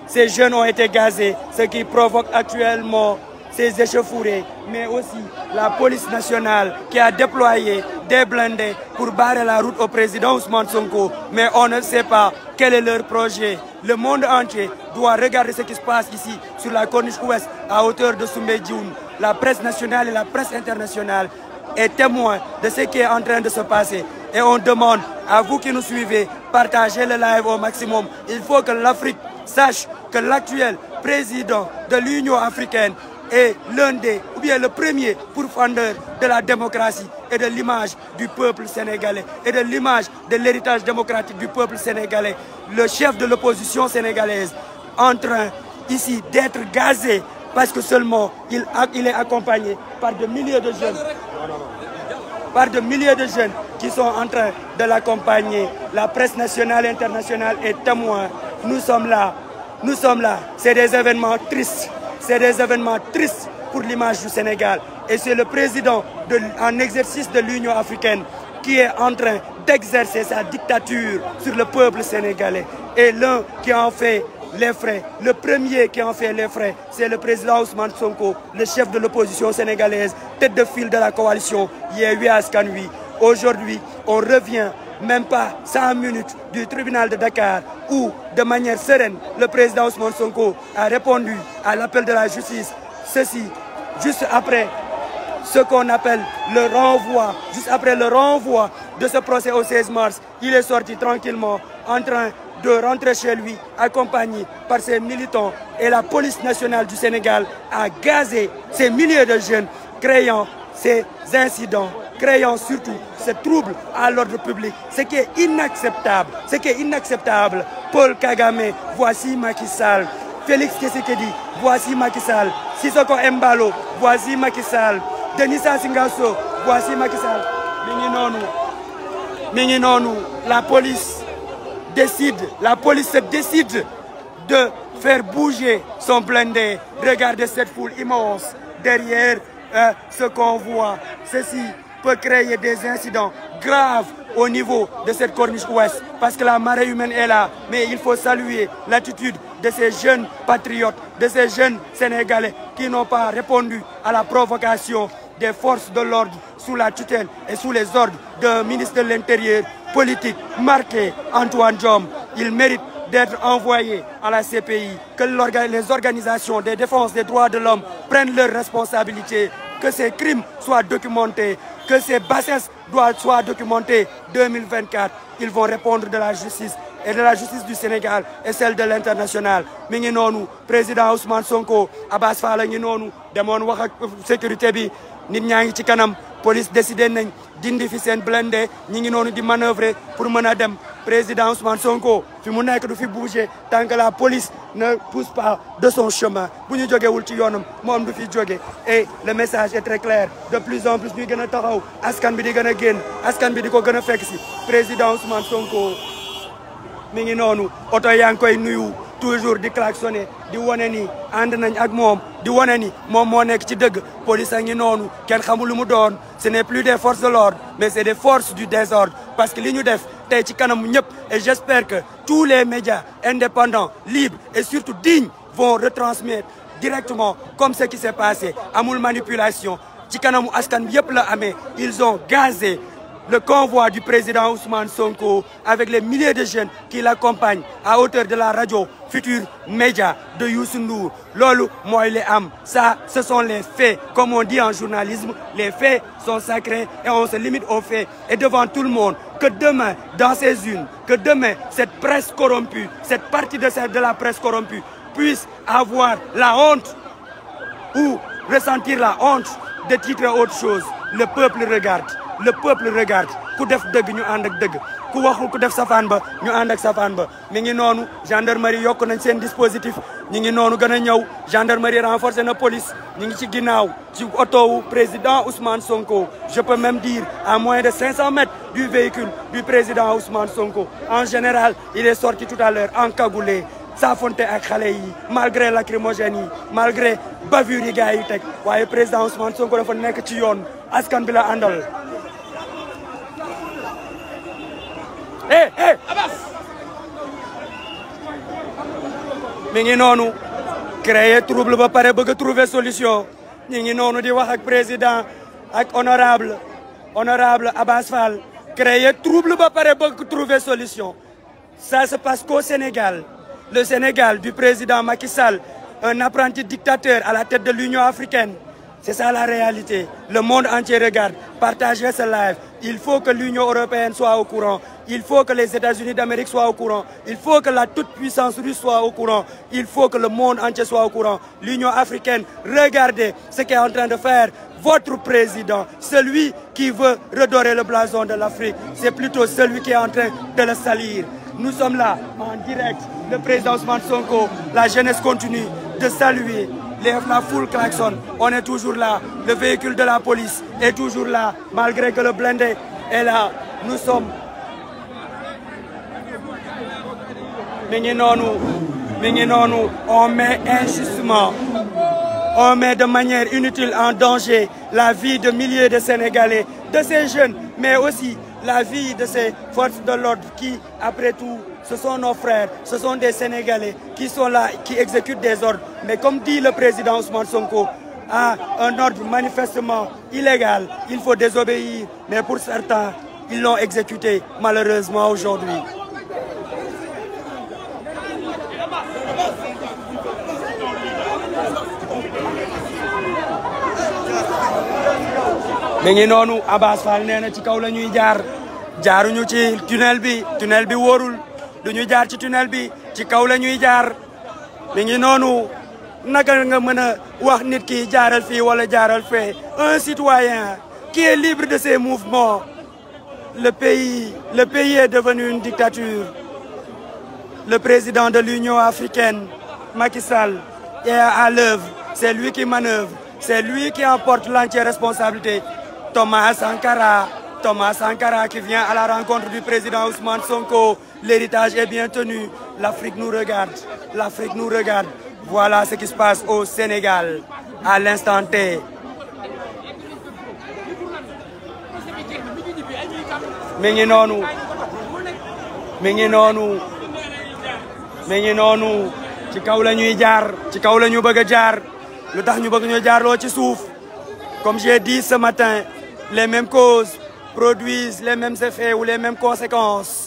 Ces jeunes ont été gazés, ce qui provoque actuellement ces échauffourées, mais aussi la police nationale qui a déployé des blindés pour barrer la route au président Ousmane Sonko. Mais on ne sait pas quel est leur projet. Le monde entier doit regarder ce qui se passe ici sur la corniche ouest à hauteur de Soumbédioune. La presse nationale et la presse internationale est témoin de ce qui est en train de se passer. Et on demande à vous qui nous suivez, partagez le live au maximum. Il faut que l'Afrique sache que l'actuel président de l'Union africaine est l'un des, ou bien le premier pourfendeur de la démocratie et de l'image du peuple sénégalais et de l'image de l'héritage démocratique Le chef de l'opposition sénégalaise en train ici d'être gazé parce que seulement il, a, il est accompagné par de milliers de jeunes. Par de milliers de jeunes qui sont en train de l'accompagner. La presse nationale et internationale est témoin. Nous sommes là. Nous sommes là. C'est des événements tristes. C'est des événements tristes pour l'image du Sénégal. Et c'est le président de, en exercice de l'Union africaine qui est en train d'exercer sa dictature sur le peuple sénégalais. Et l'un qui en fait les frais. Le premier qui en fait les frais, c'est le président Ousmane Sonko, le chef de l'opposition sénégalaise, tête de file de la coalition Yewwi Askan Wi. Aujourd'hui, on revient même pas 100 minutes du tribunal de Dakar où, de manière sereine, le président Ousmane Sonko a répondu à l'appel de la justice. Ceci, juste après ce qu'on appelle le renvoi, juste après le renvoi de ce procès au 16 mars, il est sorti tranquillement en train de rentrer chez lui accompagné par ses militants et la police nationale du Sénégal a gazé ces milliers de jeunes créant ces incidents, créant surtout ces troubles à l'ordre public, ce qui est inacceptable, ce qui est inacceptable. Paul Kagame, voici Macky Sall. Félix Tshisekedi, voici Macky Sall. Sissoko Embalo, voici Macky Sall. Denissa Singasso, voici Macky Sall. Mi ngi noonu, la police décide, la police se décide de faire bouger son blindé. Regardez cette foule immense derrière euh, ce qu'on voit. Ceci peut créer des incidents graves au niveau de cette corniche ouest parce que la marée humaine est là. Mais il faut saluer l'attitude de ces jeunes patriotes, de ces jeunes Sénégalais qui n'ont pas répondu à la provocation des forces de l'ordre sous la tutelle et sous les ordres d'un ministre de l'Intérieur politique marquée Antoine Diome il mérite d'être envoyé à la CPI que les organisations des défenses des droits de l'homme prennent leurs responsabilités que ces crimes soient documentés que ces bassesses doivent soient documentées 2024 ils vont répondre de la justice de la justice du Sénégal et celle de l'international mi ngi noonu président Ousmane Sonko Abass Fall noonu demoon wax ak sécurité bi nit ñaa ngi ci kanam police décidé nañ dindi fi seen blindé ñi ngi noonu di manœuvrer pour mën a dem président Ousmane Sonko fi mu nekk du fi bouger tant que la police ne pousse par de son chemin bu ñu jógewul ci yoonam moom du fi jogee et le message est très clair de plus en plus ñuy gën a taxaw askan bi di gën a génn askan bi di ko gën a fekk si président Ousmane Sonko mi ngi noonu oto yaa ngi koy nuyu toujours di klaxonner di wane ni ànd nañ ak moom di wane ni moom moo nekk ci dëgg police a ngi noonu kenn xamul lu mu doon ce n'est plus des forces de l'ordre mais c'est des forces du désordre parce que li ñu def tey ci kanamu ñëpp et j'espère que tous les médias indépendants libres et surtout dignes vont retransmettre directement comme ce qui s'est passé amul manipulation ci kanamu askan bi yëpp la amee ils ont gazé le convoi du président Ousmane Sonko avec les milliers de jeunes qui l'accompagnent à hauteur de la radio Futur Média de Youssou Ndour loolu mooy li am ça ce sont les faits comme on dit en journalisme les faits sont sacrés et on se limite aux faits et devant tout le monde que demain dans ces urnes que demain cette presse corrompue cette partie de la presse corrompue puisse avoir la honte ou ressentir la honte de titrer autre chose le peuple regarde le peuple regarde ku def dëgg ñu ànd ak dëgg ku waxul ku def safaan ba ñu ànd ak safaan ba mi ngi noonu gendarmerie yokk nañ seen dispositif ñu ngi noonu gën a ñëw gendarmerie renforcé na police ñu ngi ci ginnaaw ci oto wu président Ousmane Sonko je peux même dire à moins de 500 mètres du véhicule du président Ousmane Sonko en général il est sorti tout à l'heure encagoulé saafonte ak xale yi malgré lacrymogène yi malgré bavure yi gars yi teg waaye président Ousmane Sonko dafa nekk ci yoon askan bi la àndal eh eh Abass mi ngi noonu créer trouble ba pare bëgg a solution ñi ngi noonu di wax ak président ak honorable honorable Abass Fall créer trouble ba pare bëgg trouver solution ça se passe qu'au Sénégal le Sénégal du président Macky Sall un apprenti dictateur à la tête de l'Union africaine C'est ça la réalité. Le monde entier regarde. Partagez ce live. Il faut que l'Union européenne soit au courant. Il faut que les États-Unis d'Amérique soient au courant. Il faut que la toute-puissance russe soit au courant. Il faut que le monde entier soit au courant. L'Union africaine, regardez ce qu'est en train de faire votre président, celui qui veut redorer le blason de l'Afrique. C'est plutôt celui qui est en train de le salir. Nous sommes là en direct. Le président DEFNA full klaxon on est toujours là le véhicule de la police est toujours là malgré que le blindé est là nous sommes mi ngi noonu mi on met injustement on met de manière inutile en danger la vie de milliers de Sénégalais de ces jeunes mais aussi la vie de ces forces de l'ordre qui après tout ce sont nos frères, ce sont des Sénégalais qui sont là, qui exécutent des ordres. Mais comme dit le président Ousmane Sonko, à un ordre manifestement illégal, il faut désobéir. Mais pour certains, ils l'ont exécuté malheureusement aujourd'hui. mi ngi noonu Abass Fall nee na ci kaw la ñuy jaar jaaruñu ci tunnel bi tunnel bi wóorul du jaar ci tunnel bi ci kaw la ñuy jaar mi noonu naka nga mën a wax nit ki jaaral fii wala jaaral fee un citoyen qui est libre de le pays le pays est devenu le président de l'Union africaine Macky Sall est à l'œuvre c'est lui qui manœuvre c'est lui qui emporte l'entière responsabilité Thomas Sankara Thomas Sankara qui vient à la rencontre du président Ousmane Sonko L'héritage est bien tenu. L'Afrique nous regarde. L'Afrique nous regarde. Voilà ce qui se passe au Sénégal à l'instant T. mi ngi noonu mi ngi noonu mi ngi noonu ci kaw la ñuy jaar ci kaw la ñu bëgg a jaar lu tax ñu bëgg ñu jaarloo ci suuf comme j'ai dit ce matin les mêmes causes produisent les mêmes effets ou les mêmes conséquences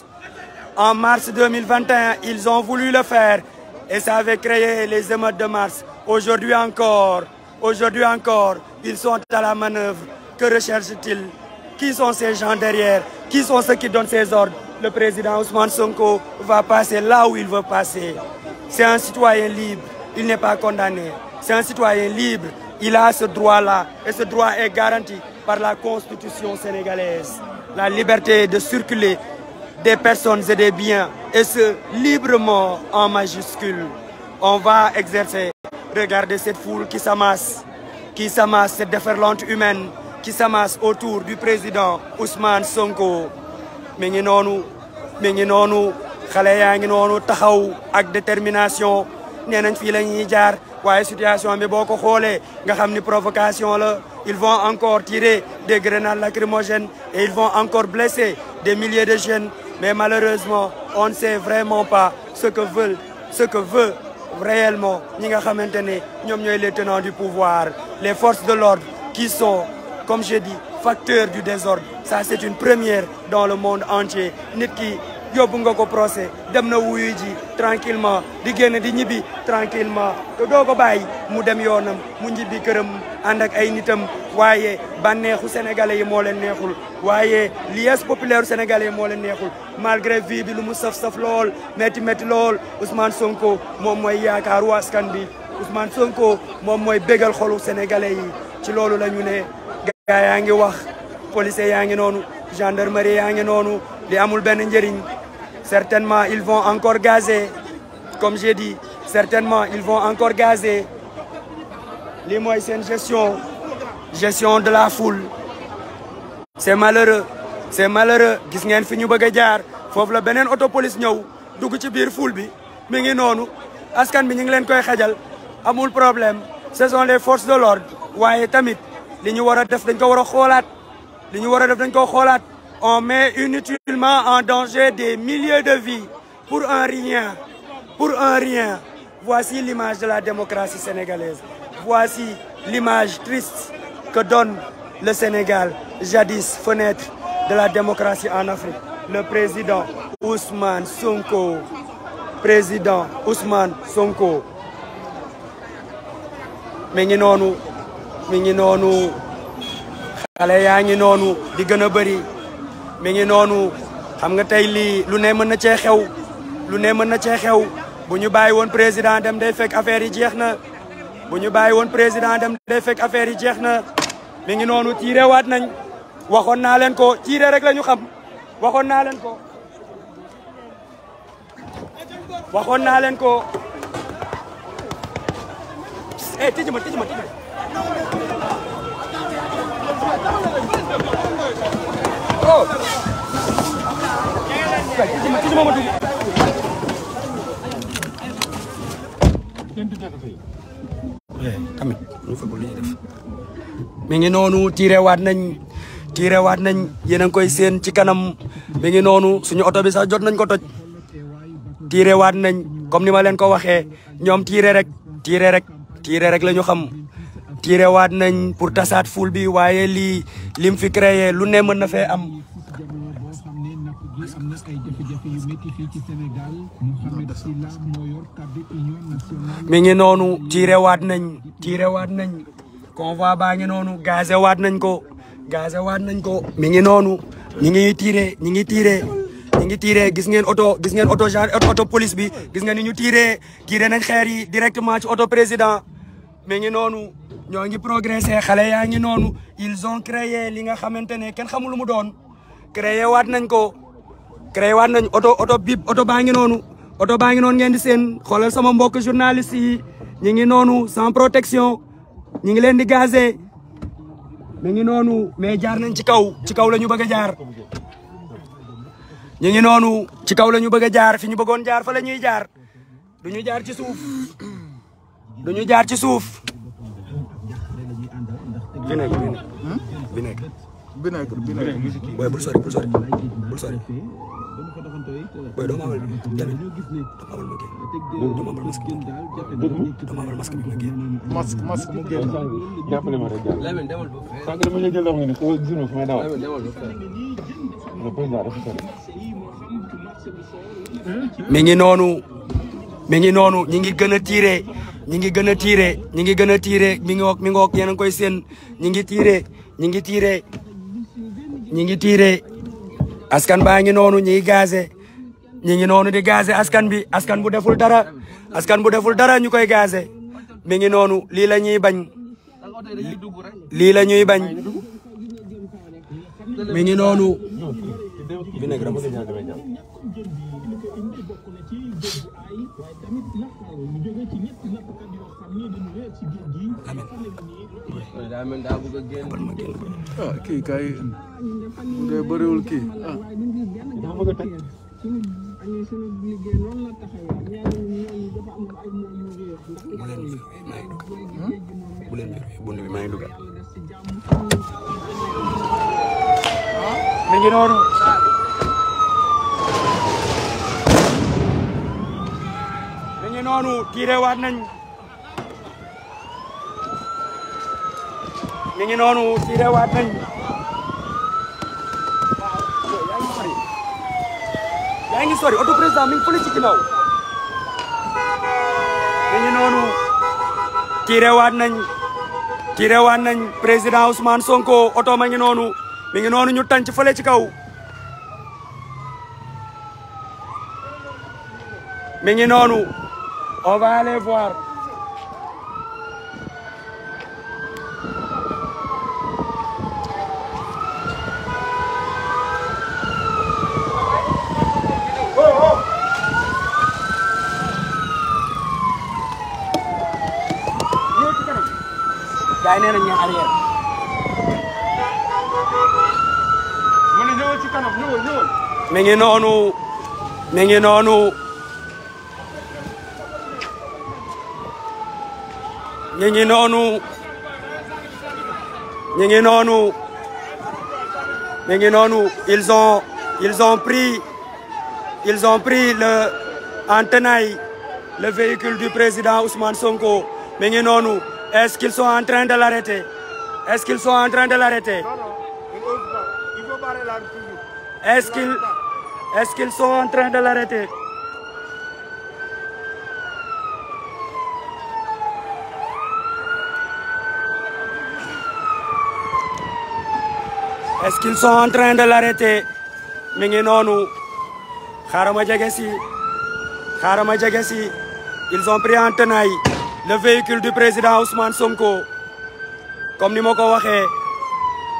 En mars 2021, ils ont voulu le faire et ça avait créé les émeutes de mars. Aujourd'hui encore, aujourd'hui encore, ils sont à la manœuvre. Que recherchent-ils? Qui sont ces gens derrière? Qui sont ceux qui donnent ces ordres? Le président Ousmane Sonko va passer là où il veut passer. C'est un citoyen libre, il n'est pas condamné. C'est un citoyen libre, il a ce droit-là et ce droit est garanti par la Constitution sénégalaise. La liberté de circuler des personnes et des biens, et ce, librement en majuscule. On va exercer. Regardez cette foule qui s'amasse, qui s'amasse, cette déferlante humaine qui s'amasse autour du président Ousmane Sonko. mi ngi noonu mi ngi noonu xale yaa ngi noonu taxaw ak détermination nee nañ fii la ñuy jaar waaye situation bi boo ko xoolee nga xam ni provocation la ils vont encore tirer des grenades lacrymogènes et ils vont encore blesser des milliers de jeunes Mais malheureusement, on ne sait vraiment pas ce que veulent, ce que veut réellement ñi nga xamante ne ñoom ñooy les tenants du pouvoir, les forces de l'ordre qui sont, comme j'ai dit, facteurs du désordre. Ça, c'est une première dans le monde entier. Nit ki yóbbu nga ko procès dem na wuyu ji tranquillement di génn di ñibbi tranquillement te doo ko bàyyi mu dem yoonam mu ñibbi këram ànd ak ay nitam waaye bànneexu sénégalais yi moo leen neexul waaye liesse populaire sénégalais yi moo la neexul malgré vie bi lu mu saf-saf lool métti métti lool Ousmane Sonko moom mooy yaakaaru askan bi Ousmane Sonko moom mooy bégal xolu sénégalais yi ci loolu la ñu ne gaa yaa ngi wax policier yaa ngi noonu gendarmerie yaa ngi noonu li amul benn njëriñ Certainement, ils vont encore gazer. Comme j'ai dit, certainement, ils vont encore gazer. Les moyens, c'est une gestion. de la foule. C'est malheureux. C'est malheureux. Gis ngeen fi ñu bëgg a jaar foofu la beneen auto police ñëw dugg ci biir foule bi mi ngi noonu askan bi ñu ngi leen koy xajal amul problème saison sont les forces de l'ordre waaye tamit li ñu war a def dañ ko war a xoolaat li ñu war def dañ ko xoolaat on met inutilement en danger des milliers de vies pour un rien, pour un rien. Voici l'image de la démocratie sénégalaise. Voici l'image triste que donne le Sénégal, jadis fenêtre de la démocratie en Afrique. Le président Ousmane Sonko, président Ousmane Sonko. mi ngi noonu mi ngi noonu xale yaa ngi noonu di gën a bëri mi ngi noonu xam nga tey lii lu ne mën na cee xew lu ne mën na cee xew bu ñu bàyyi woon président dem day fekk affaire yi jeex na bu ñu bàyyi woon président dem day fekk affaire yi jeex na mingi noonu tiire waat nañ waxoon naa leen ko tiire rek la ñu xam waxoon naa leen ko waxoon naa leen ko eh tamit ñu football li ñuy def mi ngi noonu nañ tiirewaat nañ yéen a koy seen ci kanam mi ngi noonu suñu oto bi sax jot nañ ko toj tiirewaat nañ comme ni ma leen ko waxee ñoom tiire rek tiire rek tiire rek la xam waat nañ pour tasaat ful bi waaye lii lim fi créé lu ne mën na fe am. mi ngi noonu waat nañ waat nañ convoi baa ngi noonu gazé waat nañ ko gazé waat nañ ko mi noonu ñi ngi tiire ñi ngi tiire ngi tiire gis ngeen oto gis ngeen oto genre oto police bi gis ngeen ni tiire tiire nañ xeer yi directement ci oto président mi noonu ñoo ngi progressé xale yaa ngi noonu ils ont créé li nga xamante ne kenn xamul lu doon créé waat nañ ko créé waat nañ oto oto bip oto baa ngi noonu oto baa ngi noonu ngeen di seen xoolal sama mbokk journaliste yi ñi ngi noonu sans protection ñi ngi leen di gazé mi ngi noonu mais jaar nañ ci kaw ci kaw la ñu bëgg a jaar ñu ngi noonu ci kaw la ñu bëgg a jaar fi ñu bëggoon jaar fa la ñuy jaar du ñu jaar ci suuf du ñu jaar ci suuf Hmm? vinaigre vinaigre. vinaigre vinaigre. booy bul sori bul sori bul sori booy doo ma amal tamit doo ma amal masque bi doo ma amal masque bi masque masque mu génn. jàppale ma rek jàppale. sànq dama ñu mi ngi noonu mi ngi noonu ñi ngi gën a tiire. ñi ngi gën a tiire ñi ngi gën a tiire mi ngi mi ngoog yéen a koy seen ñi ngi tiire ñi ngi tiire ñi ngi tiire askan baa ngi noonu ñi ngi gaze ñi ngi noonu di gaze askan bi askan bu deful dara askan bu deful dara ñu koy gaze mi noonu lii la ñuy bañ lii la ñuy bañ mi noonu daa mel daa bëgg a génn. ah kii ah. Ah, noonu. tiire waat nañ. ñu ngi noonu tiré waat nañ yaa ngi sori waat nañ tiré waat nañ président Ousmane Sonko oto ma ngi noonu ñu tànc fële ci kaw mi ngi noonu on va gars yi nee nañ ñu mi ngi noonu mi ngi noonu. ñu ngi noonu ñu ngi noonu ñu ngi noonu ils ont ils ont pris ils ont pris le en tenaille le véhicule du président Ousmane Sonko mi Est-ce qu'ils sont en train de l'arrêter Est-ce qu'ils sont en train de l'arrêter Est-ce qu'ils est-ce qu'ils sont en train de l'arrêter Est-ce ngi noonu xaaral ma jege si xaaral ma jege si ils ont pris en le véhicule du président Ousmane Sonko comme ni ma ko waxee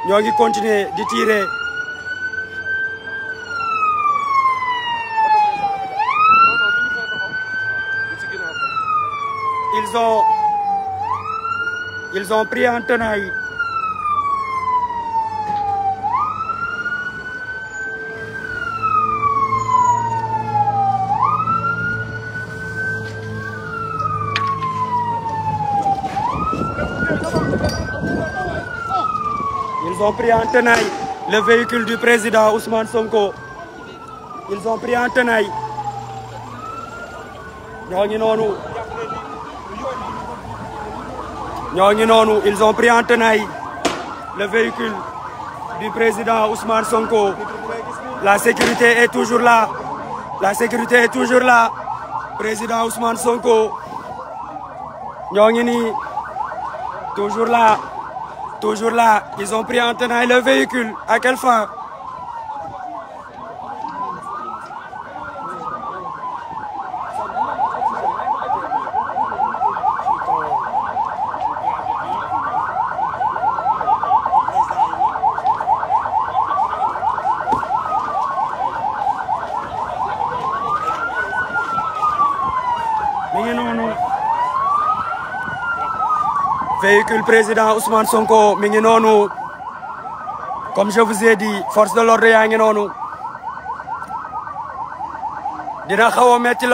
ñoo ngi continuer di tire ils ont ils ont pris en tenaille ont pris en tenaille le véhicule du président Ousmane Sonko ils ont pris en tenaille ñoo ngi noonu ñoo ngi noonu ils ont pris le véhicule du président Ousmane Sonko la sécurité est toujours là la sécurité toujours là président Ousmane Sonko ñoo ngi nii toujours là Toujours là, ils ont pris en tenaille le véhicule. À quelle fin recul président Ousmane Sonko mi ngi noonu comme je vous ai dit force de l'ordre yaa ngi noonu dina xaw a metti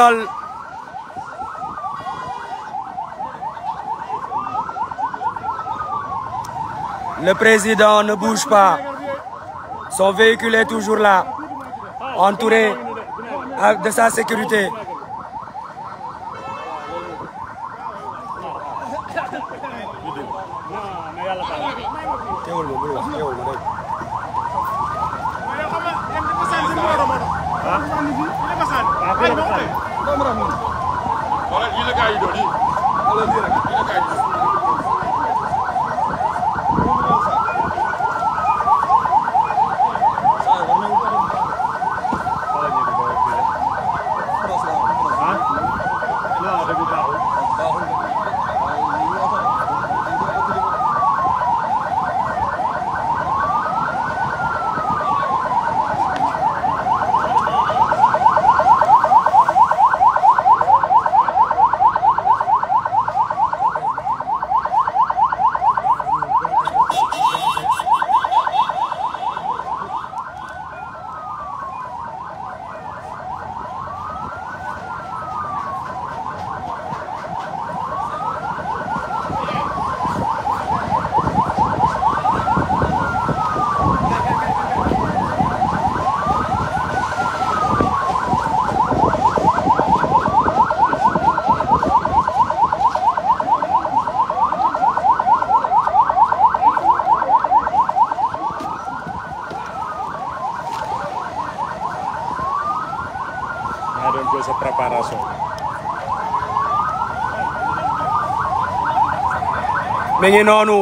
le président ne bouge pas son véhicule toujours là entouré ah, de sa sécurité mi ngi noonu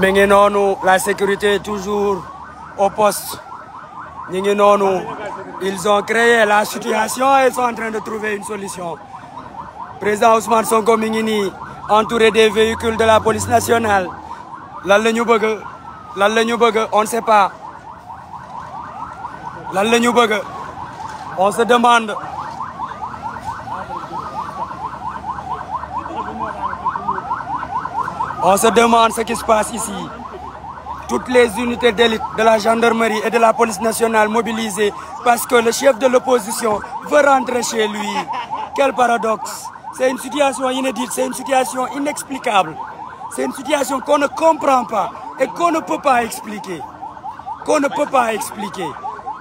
mi ngi noonu la sécurité toujours au poste ñi ngi noonu ils ont créé la situation et sont en train de trouver une solution président Ousmane Sonko mi ngi nii entouré des véhicules de la police nationale lan la ñu bëgg lan la ñu bëgg on ne sait pas lan la ñu bëgg on se demande On se demande ce qui se passe ici. Toutes les unités d'élite de la gendarmerie et de la police nationale mobilisées parce que le chef de l'opposition veut rentrer chez lui. Quel paradoxe. C'est une situation inédite, c'est une situation inexplicable. C'est une situation qu'on ne comprend pas et qu'on ne peut pas expliquer.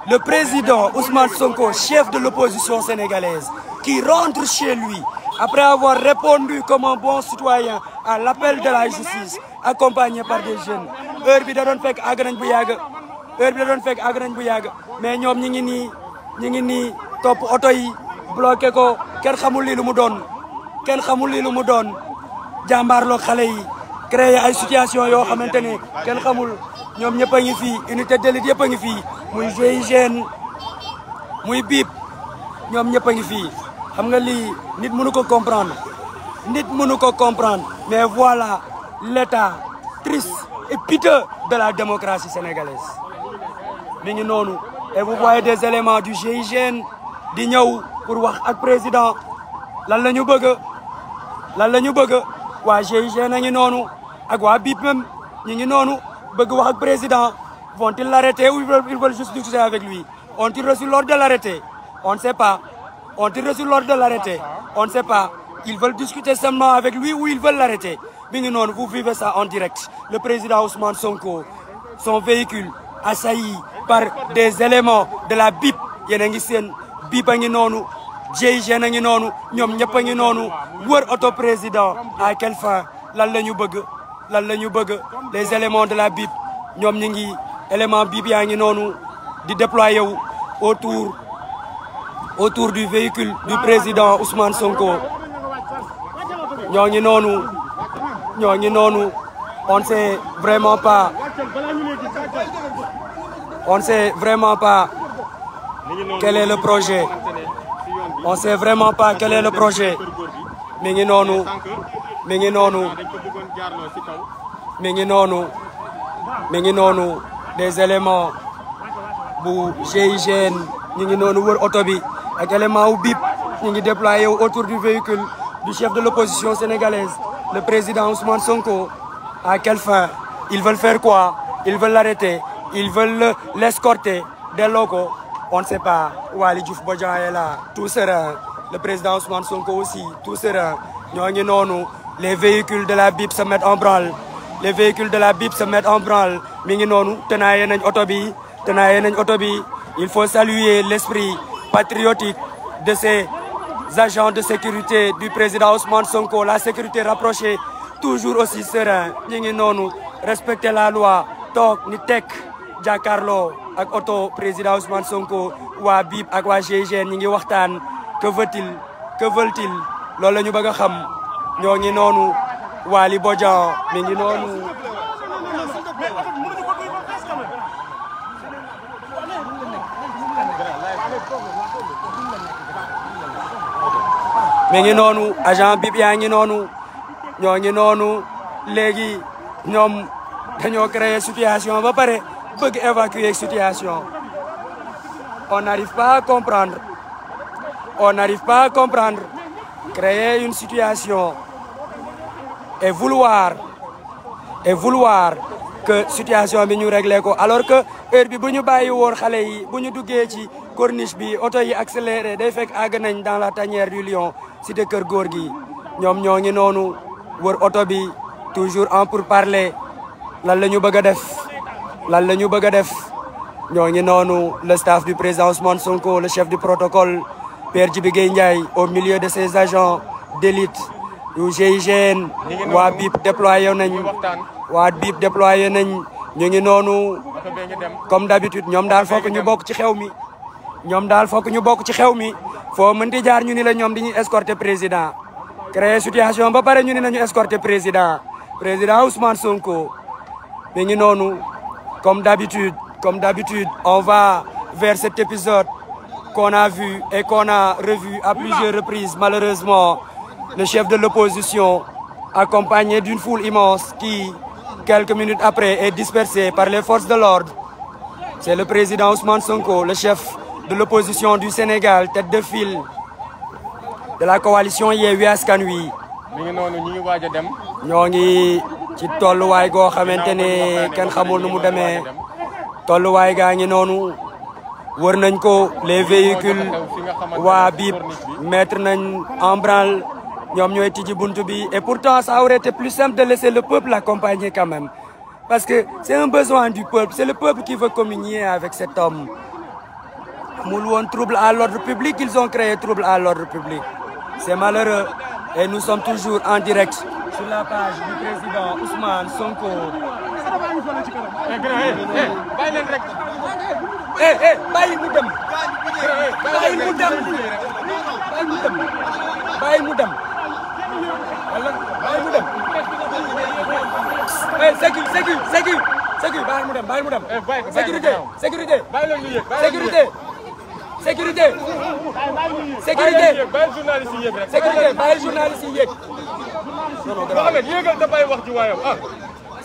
Le président Ousmane Sonko, chef de l'opposition sénégalaise, qui rentre chez lui après avoir répondu comme un bon citoyen à l'appel de la justice accompagné par des jeunes heure bi da doon fekk àgg nañ bu yàgg heure bi da doon fekk àgg nañ bu yàgg mais ñoom ñi ngi nii ñi ngi nii topp oto yi bloqué ko kenn xamul lii lu mu doon kenn xamul lii lu mu doon jàmbaarloo xale yi créer ay situation yoo xamante ne xamul ñoom ñëpp a ngi fii unité d'élite yëpp a ngi fii muy GIGN muy BIP ñoom ñëpp a ngi fii xam nga li nit mënu ko comprendre nit mënu ko comprendre mais voilà l'état triste et piteux de la démocratie sénégalaise mi ngi noonu et vous voyez des éléments du GIGN di ñëw pour wax ak président lan la ñu bëgg lan la ñu bëgg waa GIGN a ngi noonu ak waa BIP même ñi ngi noonu bëgg wax ak président vont-ils l'arrêter ou ils veulent juste discuter avec lui ont-ils reçu l'ordre de l'arrêter on ne sait pas on ils reçu l'ordre de l'arrêter On ne sait pas. Ils veulent discuter seulement avec lui ou ils veulent l'arrêter. Binginon, vous vivez ça en direct. Le président Ousmane Sonko, son véhicule assailli par des éléments de la BIP. yéen a ngi seen BIP a ngi noonu GIGN a ngi noonu ñoom ñëpp a ngi noonu wër auto président à quelle fin lan la ñu bëgg lan la ñu bëgg les éléments de la BIP ñoom ñi ngi élément BIP yaa ngi noonu di déployé wu autour autour du véhicule du président Ousmane Sonko ñoo ngi noonu ñoo ngi noonu on ne vraiment pas on ne vraiment pas quel est le projet on sait vraiment pas quel est le projet mi ngi noonu mi ngi noonu mi ngi noonu mi ngi noonu des éléments bu GIGN ñu ngi noonu wër oto bi ak élément wu BIP ñu ngi déployé wu autour du véhicule du chef de l'opposition sénégalaise le président Ousmane Sonko à quelle fin ils veulent faire quoi ils veulent l'arrêter ils veulent l'escorter delloo ko on ne sait pas Waly Diouf Bodian est là tout serein le président Ousmane Sonko aussi tout serein ñoo ngi noonu les véhicules de la BIP se mettent en branle les véhicules de la BIP se mettent en mi ngi noonu tenaaye nañ oto bi tenaaye nañ oto bi il faut saluer l'esprit patriotique de ces agents de sécurité du président Ousmane Sonko la sécurité rapprochée toujours aussi serein ñi ngi noonu respecter la loi toog ni tekk jàkkaarloo ak oto président Ousmane Sonko waa BIP ak waa GIGN ñi ngi waxtaan que veut-il loolu la ñu bëgg a xam ñoo ngi noonu Wali Bodian mi mi ngi noonu agent bi yaa ngi noonu ñoo ngi noonu léegi ñoom dañoo créer situation ba pare bëgg évacuer situation on n'arrive pas comprendre on n'arrive pas comprendre créer une situation et vouloir et vouloir que situation bi ñu réglé ko alors que heure bi bu ñu bàyyi woon xale yi bu ñu duggee ci corniche bi oto yi accéléré day fekk àgg nañ dans la tanière du lion cité kër góor gi ñoom ñoo ngi noonu wër oto bi toujours en pour parler lan la ñu bëgg def lan la ñu bëgg a def ñoo ngi noonu le staff du président Ousmane Sonko le chef du protocole Père Djibi Gueye Ndiaye au milieu de ses agents d'élite du GIGN waa BIP déployé nañ waa BIP déployé nañ ñu ngi noonu comme d'habitude ñoom daal fokk ñu bokk ci xew mi ñoom daal fokk ñu bokk ci xew mi foo mënti jaar ñu ni la ñoom dañuy escorter président créer situation ba pare ñu ni nañu escorter président président Ousmane Sonko mi ngi noonu comme d'habitude comme d'habitude on va vers cet épisode qu'on a vu et qu'on a revu à plusieurs reprises malheureusement le chef de l'opposition accompagné d'une foule immense qui quelques minutes après est dispersée par les forces de l'ordre c'est le président Ousmane Sonko le chef de l'opposition du Sénégal tête de file de la coalition Yewwi Askan Wi. mi ngi waaj a dem. ñoo ngi ci tolluwaay goo xamante ne kenn xamul nu mu demee tolluwaay gaa ngi noonu wër nañ ko les véhicules waa BIP mettre nañ en branle ñoom ñoo ñooy tijji buntu bi et pourtant ça aurait été plus simple de laisser le peuple accompagner quand parce que c'est un besoin du peuple c'est le peuple qui veut communier avec cet homme. mul woon trouble à l'ordre public ils ont créé trouble à l'ordre public c'est malheureux et nous sommes toujours en direct sur la page du président Ousmane Sonko eh, eh, mu dem sécurité sécurité sécurité sécurité bàyyil journaliste yi yéeg rek sécurité bàyyil journaliste yi yéeg. Mohamed yéegal wax ji waayam ah.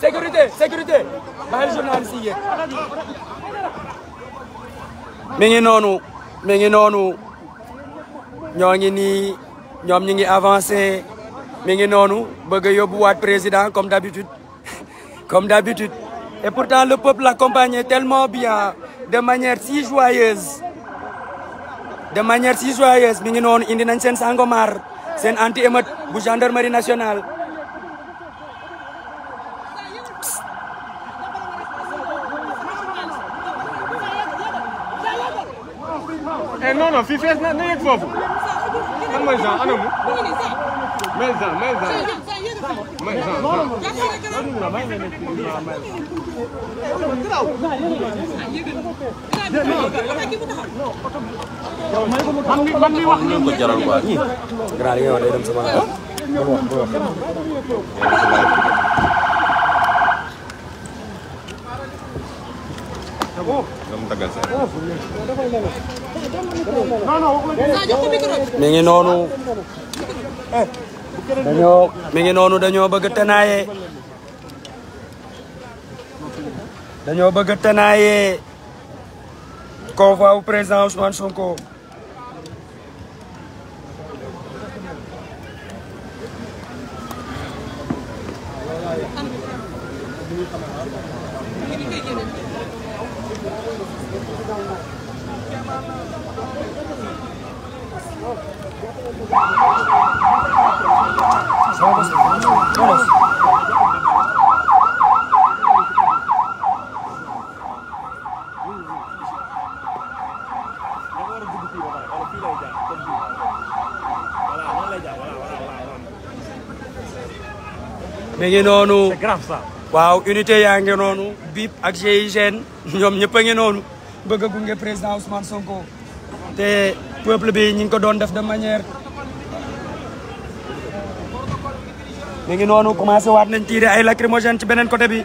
sécurité sécurité bàyyil journaliste ñoo ngi nii ñoom ñi ngi avancé mi ngi noonu bëgg a yóbbuwaat président comme d'habitude comme d'habitude et pourtant le peuple l'accompagnait tellement bien de manière si joyeuse. de manière si joyeuse mi ngi noonu indi nañ seen sangomar seen anti émeute bu gendarmerie nationale. eh non man mi wax ñu ko jaral quoi ñi grand yi nga wax day dem sama wax bu wax mi ngi noonu dañoo mi ngi noonu dañoo bëgg tenaaye dañoo bëgg tenaaye convoi aw président Ousmane Sonko mi ngi noonu waaw unité yaa ngi noonu BIP ak GIGN ñoom ñëpp a noonu bëgg a président Ousmane Sonko te peuple bi ñu ngi ko doon def de manière. mi ngi noonu commencé waat nañ tiire ay lacrymogène ci beneen côté bi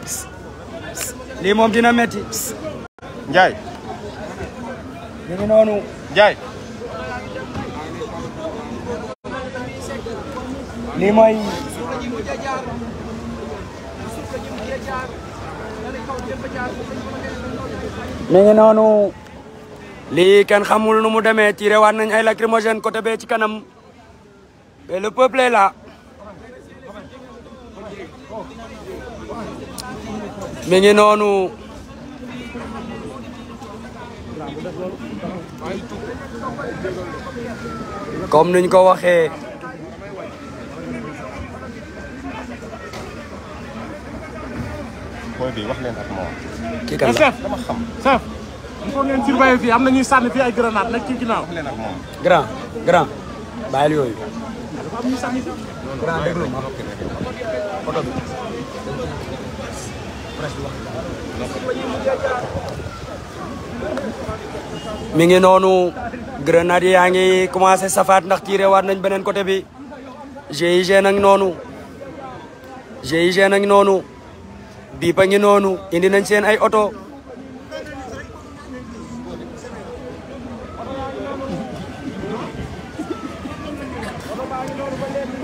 lii moom dina metti Ndiaye. mi mooy. mi ngi noonu. lii kenn xamul nu mu demee tiré waat nañ ay lacrymogène côté bee ci kanam mais le peuple est là mi ngi noonu comme niñ ko waxee booy bi wax ko am na ñuy sànni fii ay grenade nag ci ginnaaw. grand grand bàyyil yooyu. grand déglu ma oto ngi noonu grenade yaa ngi commencé safaat ndax tiré waat nañ beneen côté bi GIGN a ngi noonu GIGN a ngi noonu biipa ngi noonu indi nañ seen ay oto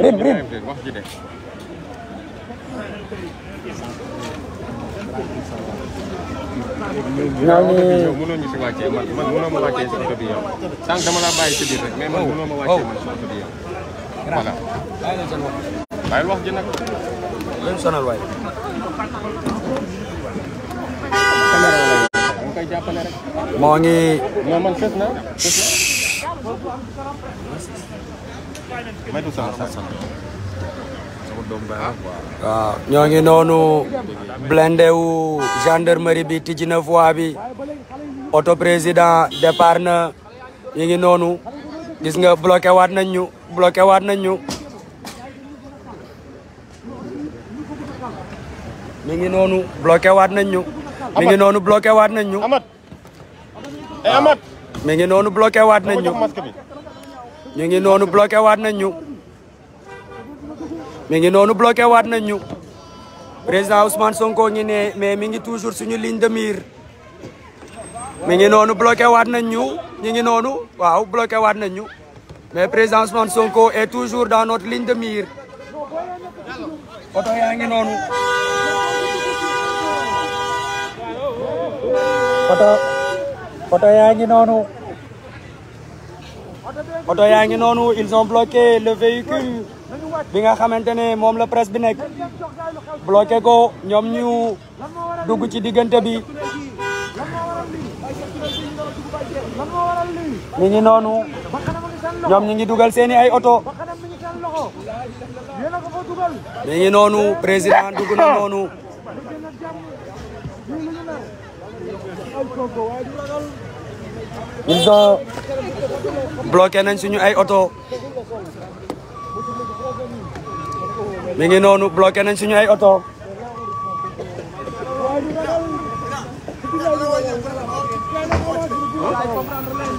rib rib ñoo ngi. yow mënoo ñu si wàccee man man mënoo ma wàccee si oto bi yow. sànq dama laa bàyyi si biir rek mais man mënoo ma wàccee man si oto bi yow. voilà. bàyyil wax ji nag. leen sonal waay. da nga koy jàppale rek. moo ngi. non man fës na fës na. waaw ñoo ngi noonu blindé wu gendarmerie bi tijji na voie bi auto président départ na ñu ngi noonu gis nga bloqué waat nañ ñu bloqué waat nañ ñu mi ngi noonu bloqué waat na ñu mi ngi noonu bloké waat nañ ñu Amat mi ngi noonu bloqué waat nañ ñu eh, ñu ngi noonu bloqué waat nañ ñu mi ngi noonu bloqué waat nañ ñu président Ousmane Sonko ngi ne mais mi ngi toujours suñu ligne de mire mi ngi noonu bloqué waat nañ ñu ñu ngi noonu waaw bloqué waat nañ ñu mais président Ousmane Sonko est toujours dans notre ligne de mire oto yaa ngi noonu oto yaa ngi noonu oto yaa ngi noonu ils ont bloqué le véhicule bi nga xamante ne moom la presse bi nekk bloqué ko ñoom ñu dugg ci diggante bi ngi noonu ñoom ñu ngi dugal seeni ay oto ñu ngi noonu président dugg na noonu ils ont bloqué nañ suñu ay oto mi ngi noonu bloqué nañ suñu ay oto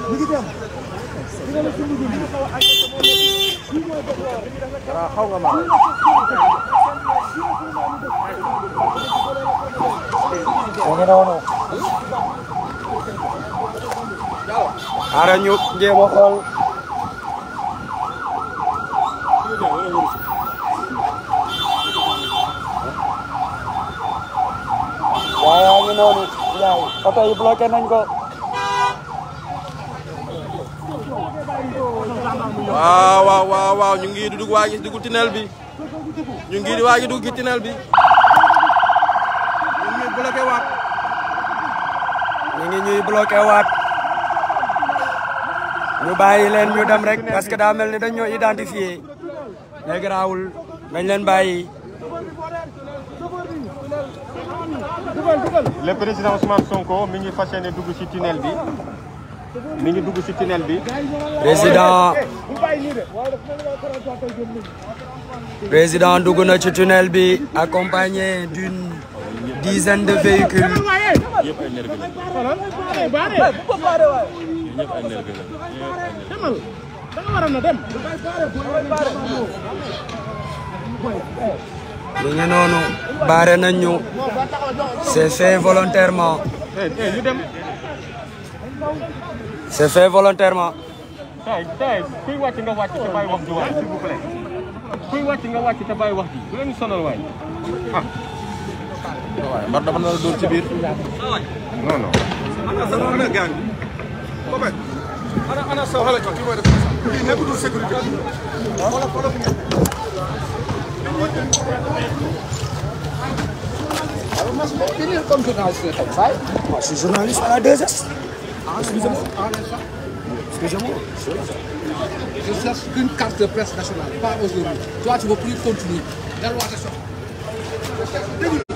mi ngi xaaral ñu jéem a xool. waaw ñu waaw oto yi bloqué nañ ko. waaw waaw waaw ñu ngi dugg waa ji dugg tunnel bi ñu ngi waa ji dugg ci tunnel bi. ñu ngi ñuy bloqué waat. ñu ngi ñuy bloqué waat. bu bàyyi leen ñu dem rek parce que daa mel ni dañ ñoo identifié mais garaawul leen bàyyi. le président Ousmane Sonko mi ngi fas yéene dugg ci tunnel bi mi ngi dugg ci tunnel bi. président président dugg na ci tunnel bi accompagné d'une dizaine de véhicules. ñëpp ay a dem. ñu nañ ñu c'est fait volontairement. c'est fait volontairement. tay tay kuy wàcc nga wàcc te bàyyi wax ji waay nga wàcc te bàyyi wax ji bu leen sonal waay ah. ci biir Bobet ana ana sa wala kii mooy def kii nekkutul sécurité wala wala bu ngeen alors mas mo finir comme journaliste nga xam saay moi je suis journaliste à la 2S excusez-moi excusez-moi je cherche une carte de presse nationale pas aujourd'hui toi tu veux plus continuer dal waata soxla